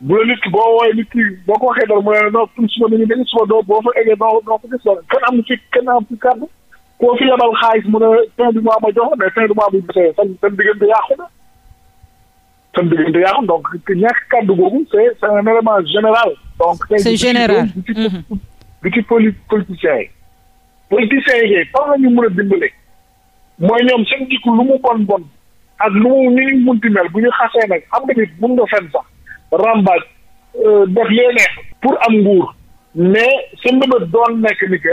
bu nit ki boo woowee nit ki boo ko waxee dara mu ne non pour suba nañu dañu suba doo boo fa eggee doo doo ko gis xaalis mu ne fin du mois ma jox mais fin du mois bu ñu gisee seen seen seen diggante yaa donc ñàkk kàddu googu c' est c' général. donc c' est général mhm. du ci poli politiciens yi. politiciens yi fan la ñu mën a dimbale. mooy ñoom seen jikko lu mu bon bon ak lu mu ñu munti mel bu ñu xasee nag xam nga nit mun nga fen sax rambaaj euh, def lee neex pour am nguur mais sa mbëbët doon nekk ni que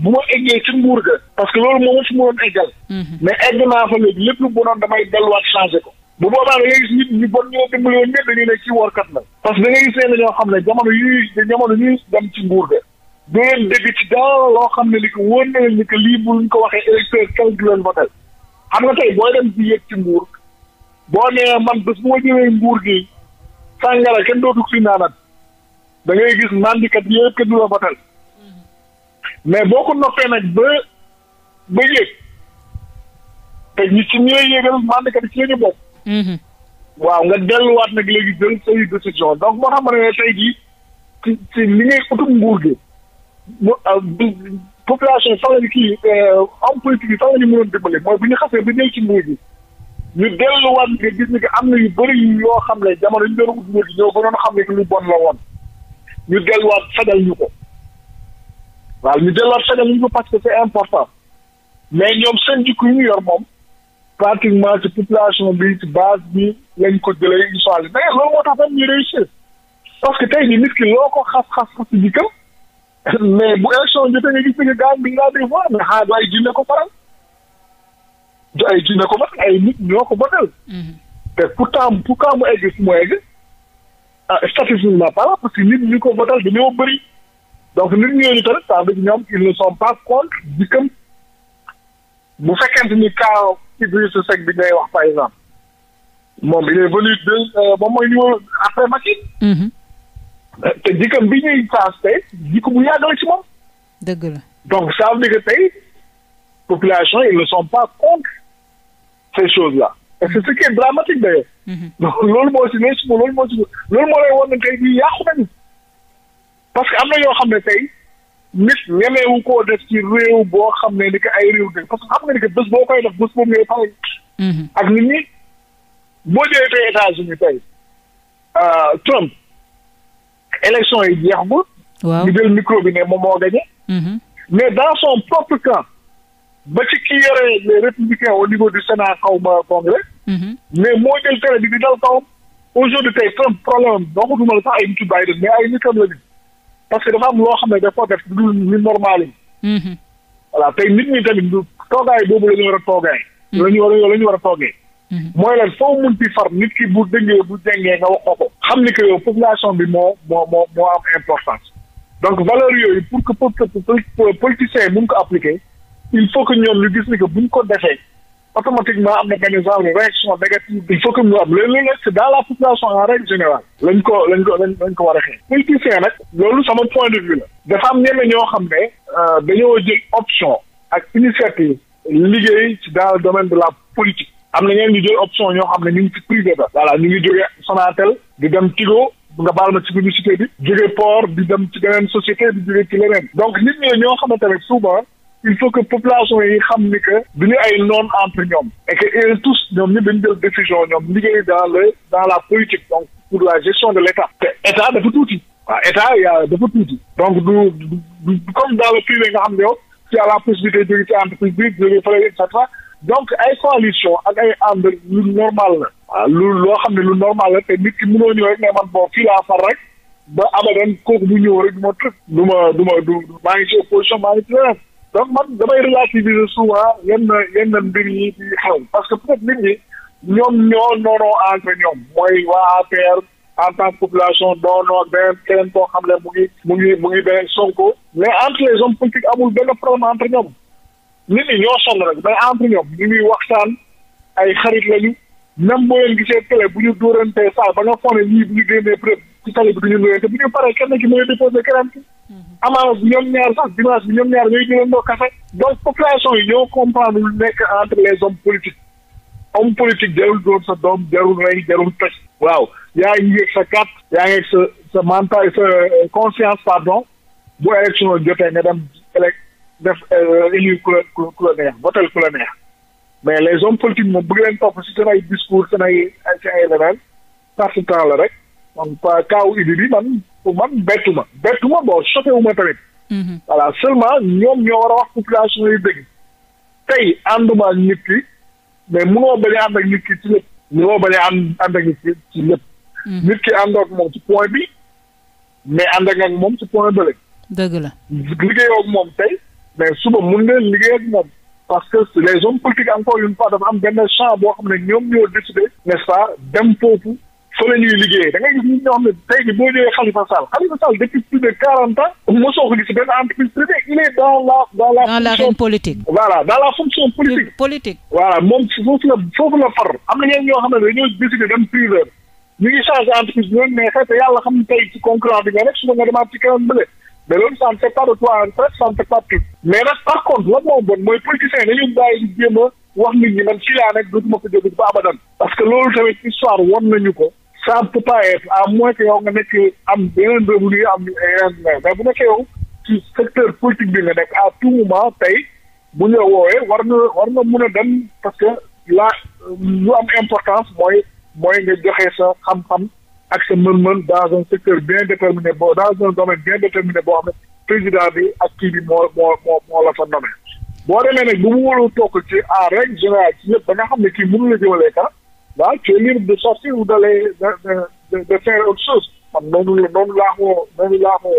bu ma eggee ci nguur ga parce que loolu moom su ma doon eggal mhm. mais egg naa fa léegi lépp lu bonoon damay delluwaat changé ko bu boobaa da ngay gis nit ñu bon ñoo dimbali woon ñëpp dañuy ne ci woorkat la parce que da ngay gis ne ñoo xam ne jamono yii jamono yii dem ci nguur ga doo leen dégg ci dara loo xam ne li ko wóor na leen ni que lii buñ ko waxee électeur kenn du leen votel xam nga tey booy dem di yëg ci nguur boo nee man bés bu ma jëlee nguur gi sàngara kenn dootu fi naanat da ngay gis mandikat yëpp kenn du la votel mais boo ko noppee nag ba ba yëg te ñi ci ñooy yëgal ci la ñu Mm-hmm. waaw nga delluwaat nag léegi jël say décision donc moo tax ma ne tey jii ci ci li ngay utum nguur gi euh, population yi fan la ñu kii euh, homme politique yi fan la ñu mënoon dimbale mooy bu ñu xasee ba ñëw ci nguur gi ñu delluwaat nga gis ni que am na yu bëri yoo xam ne jamono ñu doon ut nguur gi ñoo gënoon xam ne que lu bon la woon ñu delluwaat fegal ñu ko waaw ñu delluwaat fegal ñu ko parce que c'est important mais ñoom seen jikko yu ñu yor moom. pratiquement ci population bi ci base bi lañ ko jëlee incha allah mais loolu moo tax ñu réussir parce que te jii nit ki loo ko xas-xas xas si dikkam mais bu élection jotee nga gis ne gaañ bi laa déglu mais xaaral ah, du ay jinne ko faral du ay jinne ko faral ay nit ñoo ko botal. Mm-hmm. te pourtant pourtant mu egg si mu egg ah statistiquement parlant parce que nit ñi ko botal dañoo bëri donc nit ñooñu tamit ça veut dire ñoom ils ne sont pas contre dikkam bu fekkente ni cas. ci biir su sec bi ngay wax par exemple moom il est venu de euh, moom mooy numéro après Macky. Mhm. te jikkam bi ñuy changé tey jikko bu yàgg la ci moom. dëgg la donc ça veut dire que tey population ils ne sont pas contre ces choses là. et c'est ce qui est dramatique d'ailleurs. Mhm. loolu moo si ne suba loolu moo si loolu moo lay wan ne tey bii yàqu nañu. parce que am na yoo xam ne tey. nit ñemewu koo def ci réew boo xam ne ni que ay réew def parce xam nga ni que bés boo koy def bés boobu me mhm. pare ak nit ñi boo jëlee tey États-Unis tey euh, Trump élection yi jeexagul. waaw ñu jël micro bi ne moom moo gagné. Mhm. mais dans son propre camp ba ci ki yore les républicains au niveau du Sénat xaw ma congrès. Mhm. mais moo jël télé bi di dal kawam. aujourd'hui tey Trump problème am doo ko dugal sax ay nitu Biden mais ay nitam la nit. parce que dafa am loo xam ne daf ko def du mhm. tey nit ñi tamit du toogaay boobu la war a toogaay. Mhm. la ñu war a la mhm. mooy lan foo mun ci far nit ki bu déggee bu déggee nga wax xam ni que yow population bi moo moo moo moo am importance. donc valeur yooyu pour que pour politicien mun ko appliquer il faut que ñoom ñu gis ni que buñ ko defee. automatiquement am na benn réaction négative il faut que mu am léeg-léeg nag c'est dans la population en règle lañ ko lañ ko lañ ko war a xeex politicien nag loolu sama point de vue la dafa am ñenn ñoo xam ne euh, dañoo jël option ak initiative liggéey ci dans le domaine de la politique am na ñeen ñu jël option ñoo xam ne ñu ngi ci privé ba voilà ñu ngi jógee Sonatel di dem Tigo nga baal ma ci publicité si jóge port di dem ci beneen société di jóge ci leneen donc nit ñi ñoo xam ne tamit il faut que population yi xam ni que du ñu ay noon entre ñoom et que eux tous ñoom ñu dañu jël décision ñoom liggéey dans le dans la politique donc pour la gestion de l' état te état dafa tuuti waaw ah, état yaa dafa tuuti donc du du comme dans le privé nga xam ne yow ci à la possibilité jóge ci entreprise bi jóge fële et cetera donc ay coalition ak ay a lu normal la waaw ah, lu loo xam ne lu normal la te nit ki mënoo ñëw rek ne man bon fii laa far rek ba abadan kooku bu rek du ma du ma maa ngi ci opposition donc man damay relativiser souvent yenn yenn mbir yi di xew parce que peut-être nit ñi ñoom ñoo noonoo entre ñoom mooy waa APR en tant que population noonoo ak beneen keneen koo xam ne mu ngi mu ngi mu ngi beneen Sonko mais entre les hommes politiques amul benn problème entre ñoom nit ñi ñoo sonn rek mais entre ñoom ñu ngi waxtaan ay xarit lañu même boo leen gisee télé bu ñu dóorante saa ba nga foog ne ñii bu ñu génnee preuve ci tali bi du ñu nuyante bu ñu paree amaana ñoom ñaar sax dimanche bi ñoom ñaar ñooy jëlandoo café donc population yi ñoo comprendre lu nekk entre les hommes politiques homme politique jarul doon sa doom jarul rey jarul toj waaw yaa ngi sa carte yaa ngi sa sa mental sa euh, conscience pardon bu élection jotee nga dem élec def euh, élu ku la ku la neex votel ku la neex mais les hommes politiques moom bëgg leen topp si seen ay discours seen ay seen ay leneen perte rek man pa kaaw idi bi man pour man bettu ma bettu ma boo wuma wu ma tamit. Mhm. voilà seulement ñoom ñoo war a wax population yi dëgg. tey ànduma ak nit ki mais mënoo bañ a ànd ak nit ki ci lépp. a ànd ànd ak nit ki ci lépp. Mhm. nit ki point bi mais ànd ak moom ci point bële. dëgg la liggéeyoo ak moom tey mais suba mun ngeen liggéey ak moom. parce que les hommes politiques encore une fois dafa am benn champ boo xam ne ñoom ñoo décidé. n'est-ce pas dem foofu. fa la ñuy liggéeyee da ngay gis nit ñoo xam ne tey jii boo ñëwee Khalifa Sall Khalifa Sall depuis de quarante ans mosoo ko gis benn entreprise privée il est la dans la. dans la fonction politique. la fonction politique. politique. moom foofu la foofu la far ñoo xam ne dañoo décider dem privé ñu ngi entreprise bi mais xëy yàlla xam ne tey ci concurrent nekk suba nga demaat ci kanam bële mais loolu ça ne fait pas de toi en fait ça wax nit ñi man parce que loolu tamit histoire won nañu ko ça ne a pas être à moins yow nga nekk am beneen revenu am yeneen mais bu nekkee yow ci secteur politique bi nga nekk à tout moment tey bu ñu la war nga war nga mun a dem parce que la lu am importance mooy mooy nga joxe sa xam-xam ak sa mën-mën dans un secteur bien déterminé boo dans un domaine bien déterminé boo xam ne président bi ak kii bi moo moo moo la fa nommé boo demee nag bu mu warul toog ci en règle générale ci yëpp ba nga xam ne kii mënu Bah, tu es libre de sortir ou d'aller de, de, de, de faire autre chose. Noonu la noonu laa ko noonu laa ko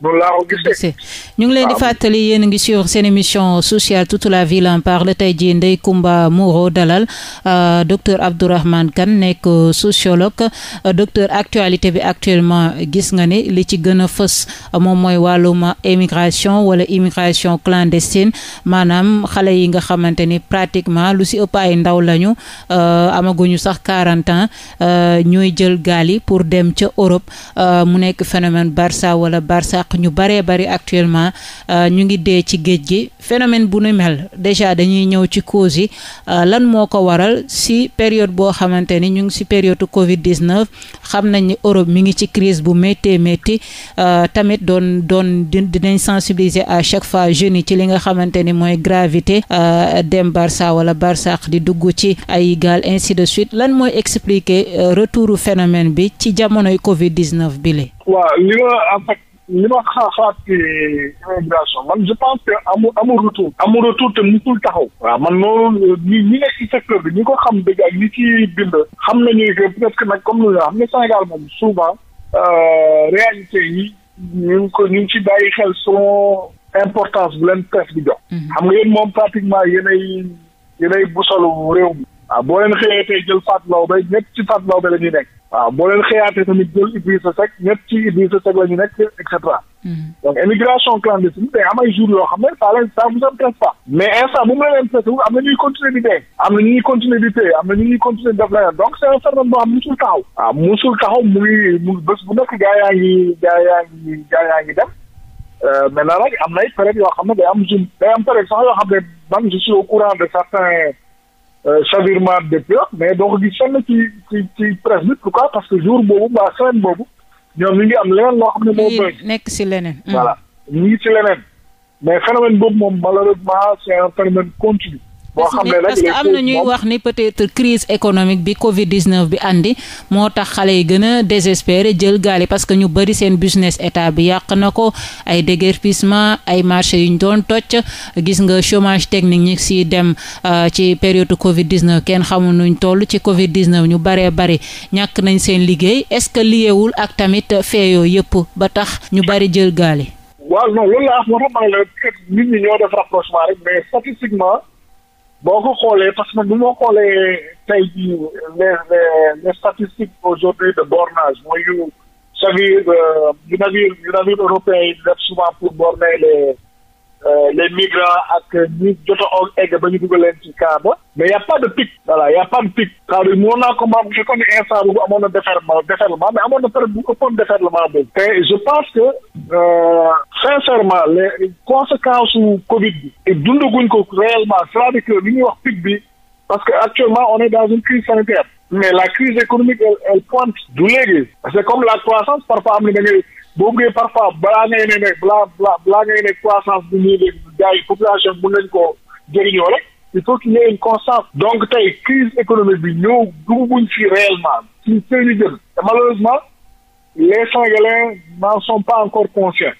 noonu ñu ngi leen fàttali yéen a ngi suivre seen émission sociale toute la ville en parle tey jii Ndeye kumba Moreau dalal euh, docteur Abdourahmane kan nekk sociologue euh, docteur actualité bi actuellement gis nga ni li ci gën a fës euh, moom mooy wàllum émigration wala immigration clandestine maanaam xale yi nga xamante ni pratiquement lu si ëpp ay ndaw lañu amaguñu sax quarante ans ñooy jël gaal yi pour dem ca Europe mu nekk phénomène Barça wala Barça. yàq ñu baree bari actuellement euh, ñu ngi dee ci géej gi phénomène bu nu mel déjà dañuy ñëw ci causes yi euh, lan moo ko waral si période boo xamante ni ñu ngi si période Covid 19 xam nañ ni Europe mi ngi ci crise bu métti métti euh, tamit doon doon dinañ sensibiliser à chaque fois jeunes yi ci li nga xamante ni mooy gravité dem Barça wala Barsaq di dugg ci ay gaal ainsi de suite lan mooy expliquer retour phénomène bi ci jamonoy Covid 19 bi la. waaw li nga en fait li ma xaaxaat ci immigration man je pense que amul amul retour amul retour te musul taxaw waaw man noonu ñi ñi nekk ci secteur bi ñi ko xam dëgg ak ñi ci bind xam na que peut-être que nag comme lu xam ne Sénégal moom souvent euh, réalité yi ñu ngi ko ñu ngi ci bàyyi xel son importance bu leen presse bi jox mhm. xam nga yéen moom pratiquement yéenay yéenay bu solo réew mi waaw boo leen xëyee tey jël Fatou Laobé ñëpp ci Fatou Laobé la ñuy nekk. waaw boo leen xëyaatee tamit jël Idrissa Seck ci Idrissa Seck la ñuy nekk et cetera. Mm-hmm. donc immigration clandestine day am ay jours yoo xam ne ça leen ça vous intéresse pas. mais instant bu mu la leen pressé am na ñuy continuer di dee. am ah, ngi mu bés bu nekk gaa yaa ngi gaa yaa ngi gaa yaa ngi dem. Euh, maintenant nag am na ay période yoo xam ne day am zoom day am sax yoo xam ne man je suis au courant de certains. Euh, chavirement de pilote mais donc di sonn ci ci ci presse bi pourquoi parce que jour boobu mbaa semaine boobu ñoom ñu am leneen loo xam ne moo bëri nekk si leneen voilà mm. ñu ngi si leneen mais phénomène boobu moom malheureusement c'est un phénomène continu boo xam am na ñuy wax ni peut-être crise économique bi Covid 19 bi andi moo tax xale yi gën a désespéré jël gaal yi parce que ñu bëri seen business état bi yàq na ko ay déguerpissement ay marché yu ñu doon toj gis nga chômage technique ñi si dem euh, ci période Covid 19 kenn xamul nuñ toll ci Covid 19 ñu baree bari ñàkk nañ seen liggéey est-ce que liyeewul ak tamit fee yooyu yëpp ba tax ñu bari jël gaali mais statistiquement. boo ko xoolee parce que bu ma xoolee tey jii les les statistiques aujourd'hui de bornage mooy yu navire euh, yu navire européen yi def souvent pour borner les Euh, les migrants ak ñi jot a egg ba ñu dugal leen ci Kaaba mais y' a pas de pic voilà y' a pas de pic c'est-à-dire mënoon naa ko maam comme instant boobu amoon na déferlement déferlement mais amoon na période bu ëppoon e boobu te je pense que euh, sincèrement les conséquences su Covid bi dundaguñ ko réellement c'est-à-dire que li wax pic bi parce que actuellement on est dans une crise sanitaire mais la crise économique elle elle pointe du léegi c'est comme la croissance boo buggee parfois balaa ngay ne nag balaa balaa balaa ngay ne croissance bi nii léegi gars yi population bi mën nañ koo jëriñoo rek il faut qu'il y ait une constance donc tey crise économique bi ñëw dugubuñ fi réellement ci seen i jëm te malheureusement les Sénégalais n'en sont pas encore conscients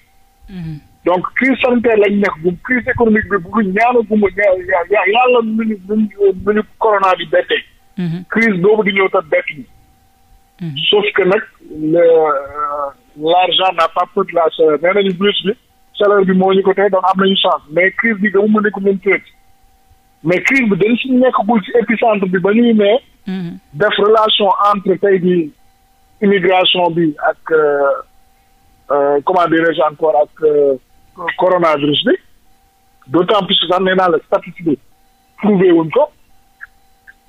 mmh. donc crise sanitaire lañ nekk gum crise économique bi bu ñaana guma ñaa yàlla nu ñu nu ñu corona bi bettee mm-hmm. crise boobu di ñëw ta bett ñi Mhm. sauf que nag le euh, l' n'a pas peur la chaleur nee nañu brus bi chaleur bi moo ñu ko tey donc am nañu chance mais crise bi dama mën ne ko mën tëj mais crise bi dañ si nekkagul ci épicentre bi ba ñuy me mhm. def relation entre tey bi immigration bi ak euh, euh, comment dirais-je ak coronavirus bi d'autant plus que sax nee la statistique bi prouvé wuñ ko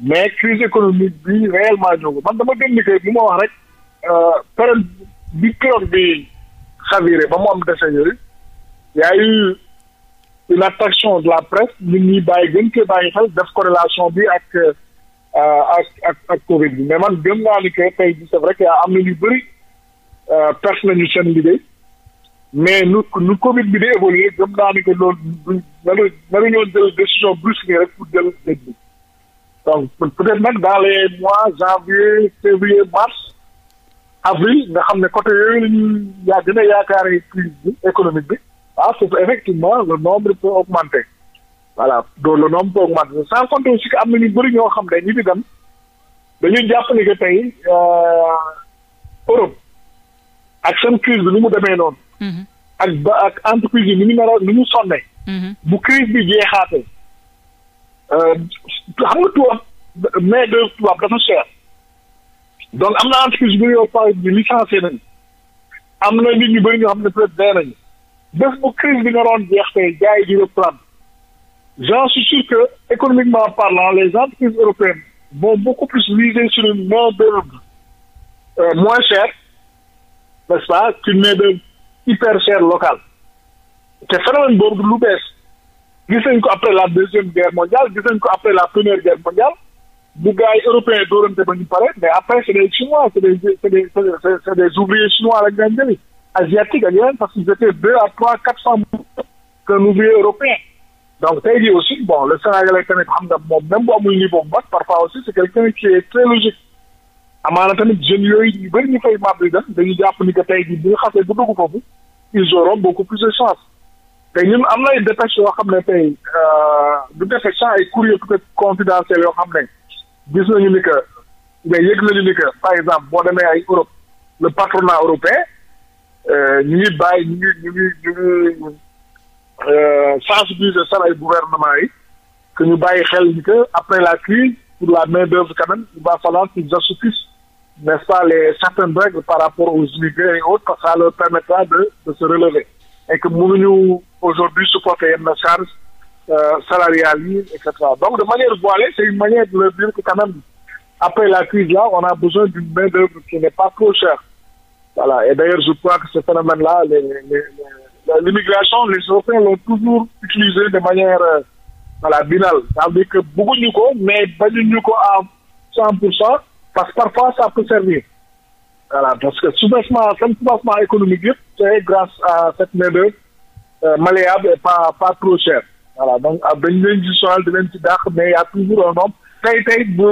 mais crise économique bi réellement ñëw man dama gëm ni que bi ma wax rek euh, période bi période bi xaviré ba mu am dese yooyu y a eu une attraction de la presse nit ñi bàyyi gën cee bàyyi xel def corrélation bi ak euh, ak ak ak Covid bi mais man gëm naa ni que tey jii c'est vrai am na ñu bëri euh, perte nañu seen liggéey mais nu nu Covid bi di évoluer gëm naa ni que loolu du na nañu ñoo jël décision brusque rek pour jël dëgg. donc peut-être nag dans les mois janvier février mars avril nga xam ne côté yooyu la ñuy yaa gën a yaakaare crise bi économique bi ah c'est effectivement le nombre peut augmenter voilà donc le nombre peut augmenter sans compter aussi que am na ñu bëri ñoo xam ne ñi fi dem dañuy jàpp ni que tey euh, Europe ak seen crise bi ni mu demee noonu. Mm-hmm. ak ba ak entreprise yi ni mu nar ni mu sonne. Mm-hmm. bu crise bi jeexaatee. Euh, xam nga tubaab mais d'œuvre tubaab dafa cher donc am na entreprise bu ñëw par bi licencié nañu am na nit ñu bëri ñoo xam ne peut être dee nañu bés bu jeex tey jaay di reprendre j'en suis sûr que économiquement parlant les entreprises européennes vont beaucoup plus miser sur une main d'œuvre euh, moins chère nest pas qu'une main d'œuvre hyper chère locale te phénomène boobu lu gis nañ ko après la deuxième guerre mondiale gis nañ ko après la première guerre mondiale bu gars yi européen dóorante ba ñu pare mais après c' est des chinois c' est des c' est des c' est des ouvriers chinois la ñu jëli asiatique ak yeneen parce que ils étaient deux à trois quatre cent qu'un ouvrier européen donc tey jii aussi bon le sénégalais tamit xam nga moom même bu amul niveau bu mag parfois aussi c' est quelqu'un qui est très logique amaana tamit jeunes yooyu ñu bëri ñu fay mabli dem dañu jàpp ni que tey jii bu ñu xasee bu dugg foofu ils auront beaucoup plus de chance te am na ay dépêche yoo xam ne tey euh, du dépêche sax ay courrier peut-être confidentiel yoo xam ne gis nañu ni que mais yëg nañu ni que par exemple boo demee ay Europe le patronat européen euh, ñu ngi bàyyi ñu ngi ñu ngi ñu ngi euh, sensibiliser sax ay gouvernement yi que ñu bàyyi xel ni que après la crise pour la main d'œuvre quand même il va falloir qu'ils assoupissent n'est-ce pas les certaines règles par rapport aux immigrés et autres parce que ça de se relever et que mënuñu aujourd'hui supporter yenn charge euh, salariale yi et cetera donc de manière voilée c'est une manière de leur dire que quand même après la crise là on a besoin d'une main d'œuvre qui n'est pas trop chère voilà et d'ailleurs je crois que ce phénomène là les les l'immigration les Européens l'ont toujours utilisé de manière euh, voilà binale c'est-à-dire que bëgguñu ko mais bañuñu ko à parce que parfois ça peut servir voilà parce que soubassement seen soubassement économique yëpp c'est grâce à cette main d'œuvre euh, malléable et pas pas trop chère voilà donc ah, dañ leen ci sonal di leen ci dàq mais y a toujours un nombre tey tey bu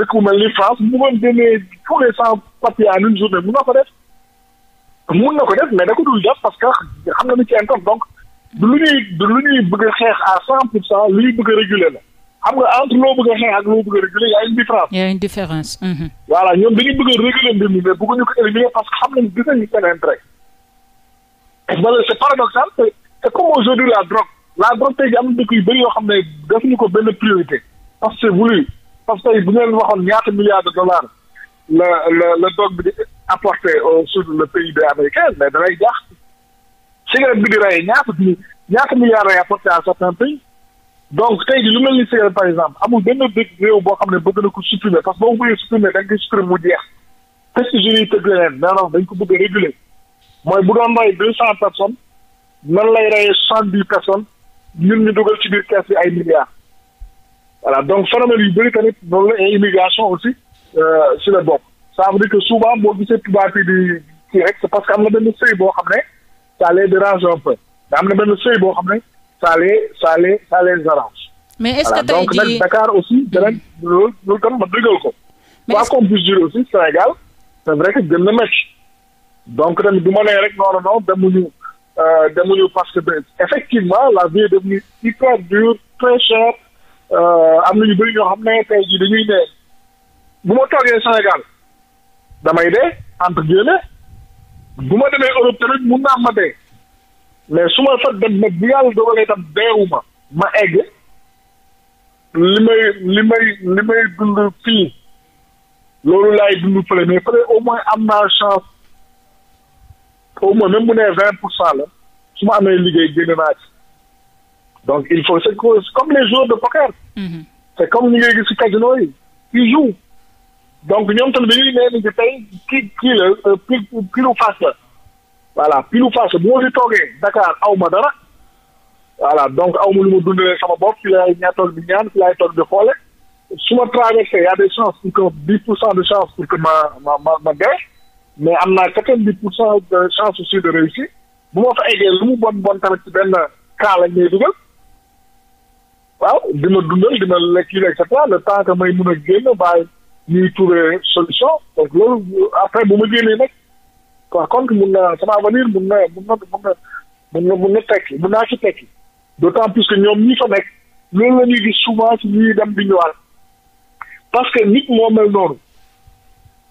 dëkk bu mel ni France bu ma demee tous les sans papiers en une journée mun na ko def mun na ko def mais da parce que xam nga ni ci intox donc du lu ñuy du lu ñuy bëgg a xeex à cent pour cent lu ñuy bëgg a la xam nga entre loo bëgg a xeex ak loo bëgg a réguler y a une différence. y a une différence. Mhm. voilà ñoom dañu bëgg a réguler mbir mi mais bëgguñu ko éliminer parce que xam nañu gis nañu seen intérêt. c' est paradoxal comme aujourd'hui la drogue la drogue tey jii am na dëkk yu bëri yoo xam ne defuñu ko benn priorité parce que voulu parce que tey bu ñu leen waxoon ñaata milliards de dollars la la la bi di apporter au sud le pays de américain mais da lay jaax cigarette bi di rey ñaata ñaata milliards lay donc tey jii lu mel ni Sénégal par exemple amul benn dëkk réew boo xam ne bëgg na ko supprimer parce que boo ko bëggee supprimer da nga koy supprimer mu jeex presque jeunes yi tëgg leneen non non dañ ko bëgg a réguler mooy bu doon rey deux cent personnes nan lay reyee soixante dix personnes ñun ñu dugal ci biir kees bi ay milliards. voilà donc phénomène yu bëri tamit noonu la et immigration aussi euh, si la bopp ça veut dire que souvent boo gisee tubaab yi di kii parce que am na benn seuil boo xam ne ça les dérange un na benn seuil boo xam ne. ça les ça les ça les mais est ce que tey jii donc nag Dakar aussi hmm. beneen loolu loolu tam ma ko. mais quoi qu'on puisse dire aussi Sénégal c' est vrai gën na métti. donc tamit du ma nee rek non non non demuñu euh, demuñu parce que effectivement la vie est i hyper dure très chère euh, am na ñu bëri ñoo xam ne tey jii dañuy ne bu ma toogee Sénégal damay de entre guillemets bu ma demee Europe tamit mun naa ma dee. mais su ma fa dem nag bu yàlla dogalee tam deewuma ma egg li may li may li may dund fii loolu laay dund fële mais fële au moins am naa chance au moins même bu nee vingt pour cent la su ma amee liggéey génn naa ci donc il faut c'est comme les joueurs de poker mm-hmm. c'est comme ñu ngay gis ci casino yi qui jouent donc ñoom tamit dañuy nee ni tey kii kii la euh, kii kii lu fas la voilà pilu face bu ma fi toogee Dakar aw ma dara voilà donc aw ma lu ma dundalee sama bopp fi laay ñaa toog di ñaan fi laay toog di xoole su ma traversé y a des chances pour que dix pour cent de chance pour que ma ma ma ma dee mais am naa quatre-vingt-dix pour cent de chance aussi de réussir bu ma fa eggee lu mu bon bon tamit ci benn cas lañ may dugal waaw dina dundal dina lekk et cetera le temps que may mun a génn bàyyi ñuy trouver solution donc loolu après bu ma génnee nag. par contre mun na sama avenir mun na mun na mun na mun na mun na tekki mun naa ci tekki d'autant plus que ñoom ñi fa nekk loolu la ñuy gis souvent si ñuy dem di ñëwaat parce que nit moo mel noonu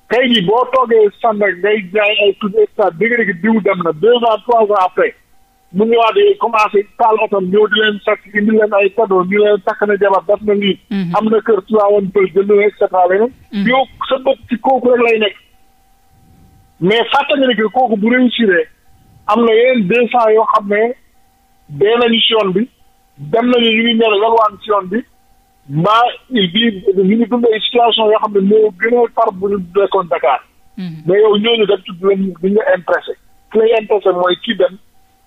tey jii boo toogee sànn ngay jaay ay tuuti extra dégg-dégg diw dem na deux ans trois ans après mu ñëwaat di commencé taal otom ñëw di leen sakk indi leen ay cadeau ñu leen takk na jabar def na lii. Mhm. am na kër tuutiwaan pël jënd na et cetera leneen. Mhm. kooku lay mais fàtte nga ne kooku bu réussir am na yeneen deux yoo xam ne dee nañu si yoon bi dem nañu ñu ngi ñëw yalwaan si yoon bi mbaa il vit ñu ngi dund ay yoo xam ne moo gën a tar bu ñu nekkoon Dakar. Mhm. mais yow ñooñu dañ tudd leen di ñu intéressé ki lay intéressé mooy kii dem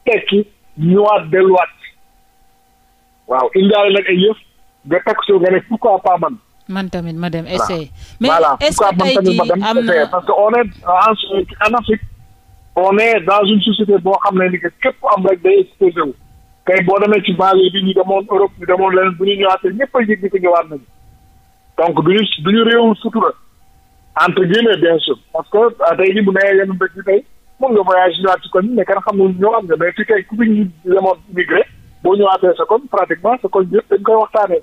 tekki ñëwaat delluwaat waaw indaale nag ay yëf nga teg soo nga ne pourquoi pas man tamit ma dem essayer. mais est-ce que tey jii am parce que on est en en Afrique. on boo xam ne ni képp ku am rek day exposé wu. boo demee ci base bi ñu demoon Europe ñu demoon leneen bu ñu ñëwaatee ñëpp a yëg ni ñëwaat nañu. donc du ñu du ñu réewul sutura. entre guillemets bien sûr parce que ah, tey jii bu nee yenn mbéy mi tey mun nga voyage ñëwaat ci commune mais kan xam nga ñoo am nga mais fii tey ku ñu demoon immigré boo ñëwaatee sa commune pratiquement sa commune yëpp dañ koy waxtaanee.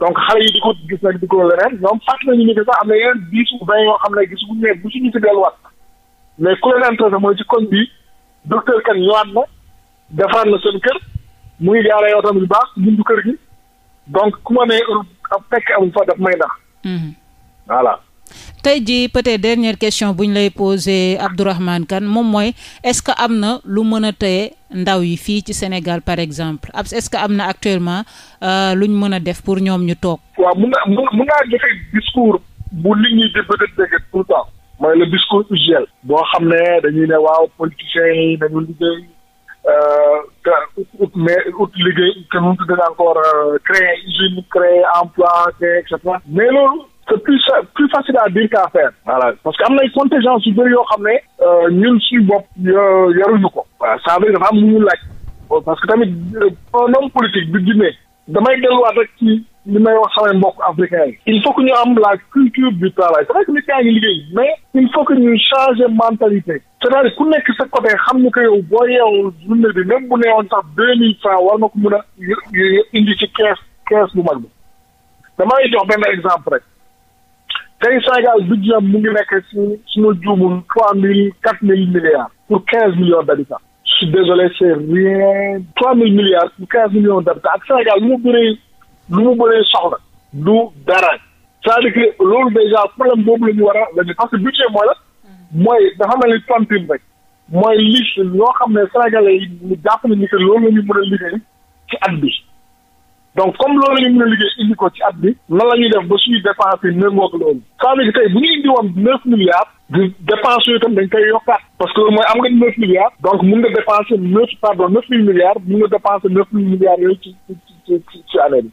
donc xale yi di ko gis nag di ko leneen ñoom fàtt nañu ni que sax am na yeneen dix ou vingt yoo xam ne gis buñ ne bu si ñu si delluwaat mais ku leen intéressé mooy ci koñ bi docteur kan ñëwaat na defaraat na seen kër mu ngi gaaree yoo tamit bu baax buntu kër gi donc ku ma nee am fekk amul fa daf may ndax mhm. voilà tey jii peut-être dernière question bu ñu lay poser Abdourahmane Kane moom mooy est-ce que am na lu mën a téye ndaw yi fii ci Sénégal par exemple est-ce que am na actuellement euh, lu ñu mën a def pour ñoom ñu toog. waaw mun naa mun naa joxe discours bu nit ñi di bëgg a mooy le discours usuel. boo xam ne dañuy ne waaw politiciens yi dañu liggéey. Euh, mais ut liggéey mu tuddee encore euh, créer usine créer emploi créer et cetera. loolu c'est plus plus facile à dire qu'à faire. voilà parce que am na ay contingence yu bëri yoo xam ne. Euh, ñun suñu bopp yaruñu ko. waaw ça veut dire dafa am lu ñu laaj. parce que tamit euh, un homme politique bi Guinée. damay delluwaat rek ci li may wax sama mbokk africain yi. il faut que ñu am la culture du travail c'est vrai que nit yaa ngi liggéey mais. il faut que ñu changer mentalité. c'est-à-dire ku nekk sa côté xam ni que yo boo yeewul journée bi même bu neewoon sax deux mille francs war nga ko mën a indi ci kees kees bu mag bi. damay jox benn exemple rek. tey Sénégal budget mu ngi nekk si suñu juumul trois mille quatre mille milliards pour quinze millions d'habitants je suis désolé c'est rien trois mille milliards pour quinze millions d'habitants ak Sénégal lu mu bëree lu mu bëree soxla du dara c'est-à-dire que loolu déjà problème boobu la ñu war a la parce que budget mooy la mooy dafa mel ni tontine rek mooy li loo xam ne Sénégalais yi ñu jàpp nañu que loolu la ñu mën a liggéey ci at bi donc comme loolu ñu mën liggéey indi ko ci at bi nan la ñuy def ba suñu dépense yi méngóog loolu ça veut dire bu ñu indi woon neuf milliards di dépense yooyu tam dañ koy yokkaat parce que mooy am nga neuf milliards donc mun nga dépenser neuf pardon neuf mille milliards mun nga dépenser neuf mille milliards yooyu ci ci ci ci année bi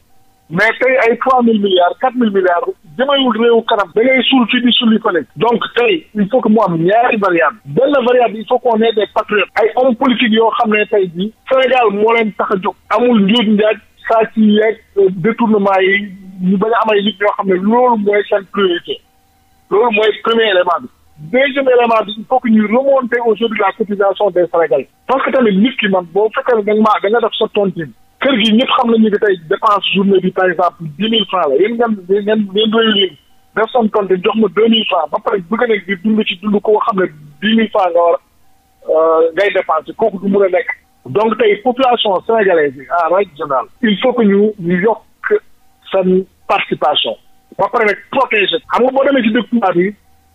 mais tey ay trois mille milliards quatre mille milliards jëmewul réewu kanam da ngay suul fii di suul fële donc tey il faut benn variable il faut qu'on ait des patriotes ay hommes politiques yoo xam ne tey moo leen tax a jóg amul njuuj njaaj saa ci yeeg euh, détournement yi ñu bañ a am ay nit ñoo xam ne loolu mooy seen priorité loolu mooy premier élément bi deuxième élément bi il faut que ñu remonter aujourd'hui la cotisation des Sénégalais parce que tamit nit ki man boo fekkee ne da nga def sa tontine kër gi ñëpp xam nañu que tey dépense journée bi par exemple dix mille francs la yéen ngeen ngeen ngeen réunir def seen tontine jox ma deux mille francs ba pare bëgg nekk di dund ci dund koo xam ne dix mille francs nga war euh, ngay dépenser kooku du a nekk donc tey population sénégalaise bi en règle il faut que ñu ñu yokk sen participation ba pare nag protéger xam nga boo demee ci dëkk tubaab yi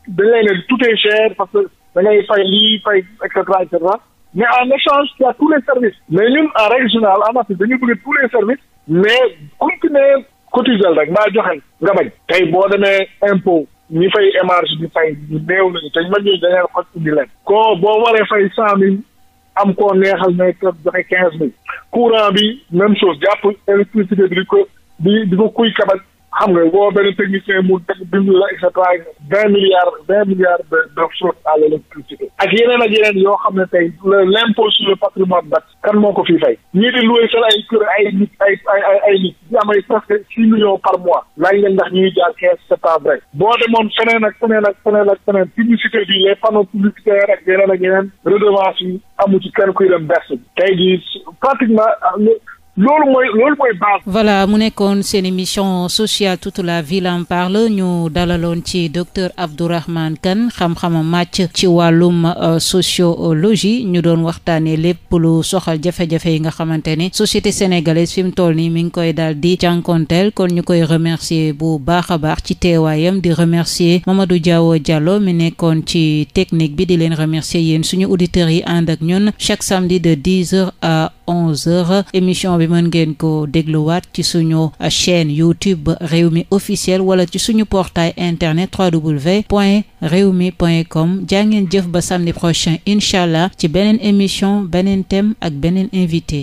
dañ lay ne tout est cher parce que da ngay fay lii fay et cetera et cetera mais en échange il y a tous les services mais ñun a règle générale en Afrique dañu bëgg tous les services mais kuñ ci ne cotisel rek mbaa joxel nga bañ tey boo demee impôt ñi fay émarge di fay ñu néew lañu te mag ñooñu dañeen leen ko boo waree fay cent mille am ko neexal ne kër joxe quinze mille courant bi même chose jàpp électricité bi di ko di di ko kuy kabat xam nga woo benn technicien mu teg bind la et vingt milliards vingt milliards de de fraude électricité ak yeneen ak yeneen yoo xam ne tey le l' sur le patrimoine bat kan moo ko fii fay ñii di loué seen ay kër ay nit ay nit di ay presque six millions par mois laaj leen ndax ñuy jaar quinze c'est pas vrai boo demoon feneen ak feneen ak feneen ak feneen publicité bi les panneaux publicitaires ak yeneen ak yeneen redevance yi amu kenn kuy dem berse bi tey loolu mooy loolu voilà mu nekkoon seen émission sociale toute la ville en parle ñu dalaloon ci docteur Abdourahmane Kane xam-xamam màcc ci wàllum euh, sociologie ñu doon waxtaanee lépp lu soxal jafe-jafe yi nga xamante ne société sénégalaise fi mu toll nii mi ngi koy daal di jànkonteel kon ñu koy remercier bu baax a baax ci teewaayam di remercier Mamadou Diawo Diallo mi nekkoon ci technique bi di leen remercier yéen suñu auditeurs yi ànd ak ñun chaque samedi de dix heures à onze heures émission bi. mën ngeen ko dégluwaat ci suñu chaîne YouTube mi officiel wala ci suñu portail internet www réew mi point com jaa ngeen jëf ba samedi prochain incha allah ci beneen émission beneen thème ak beneen invité.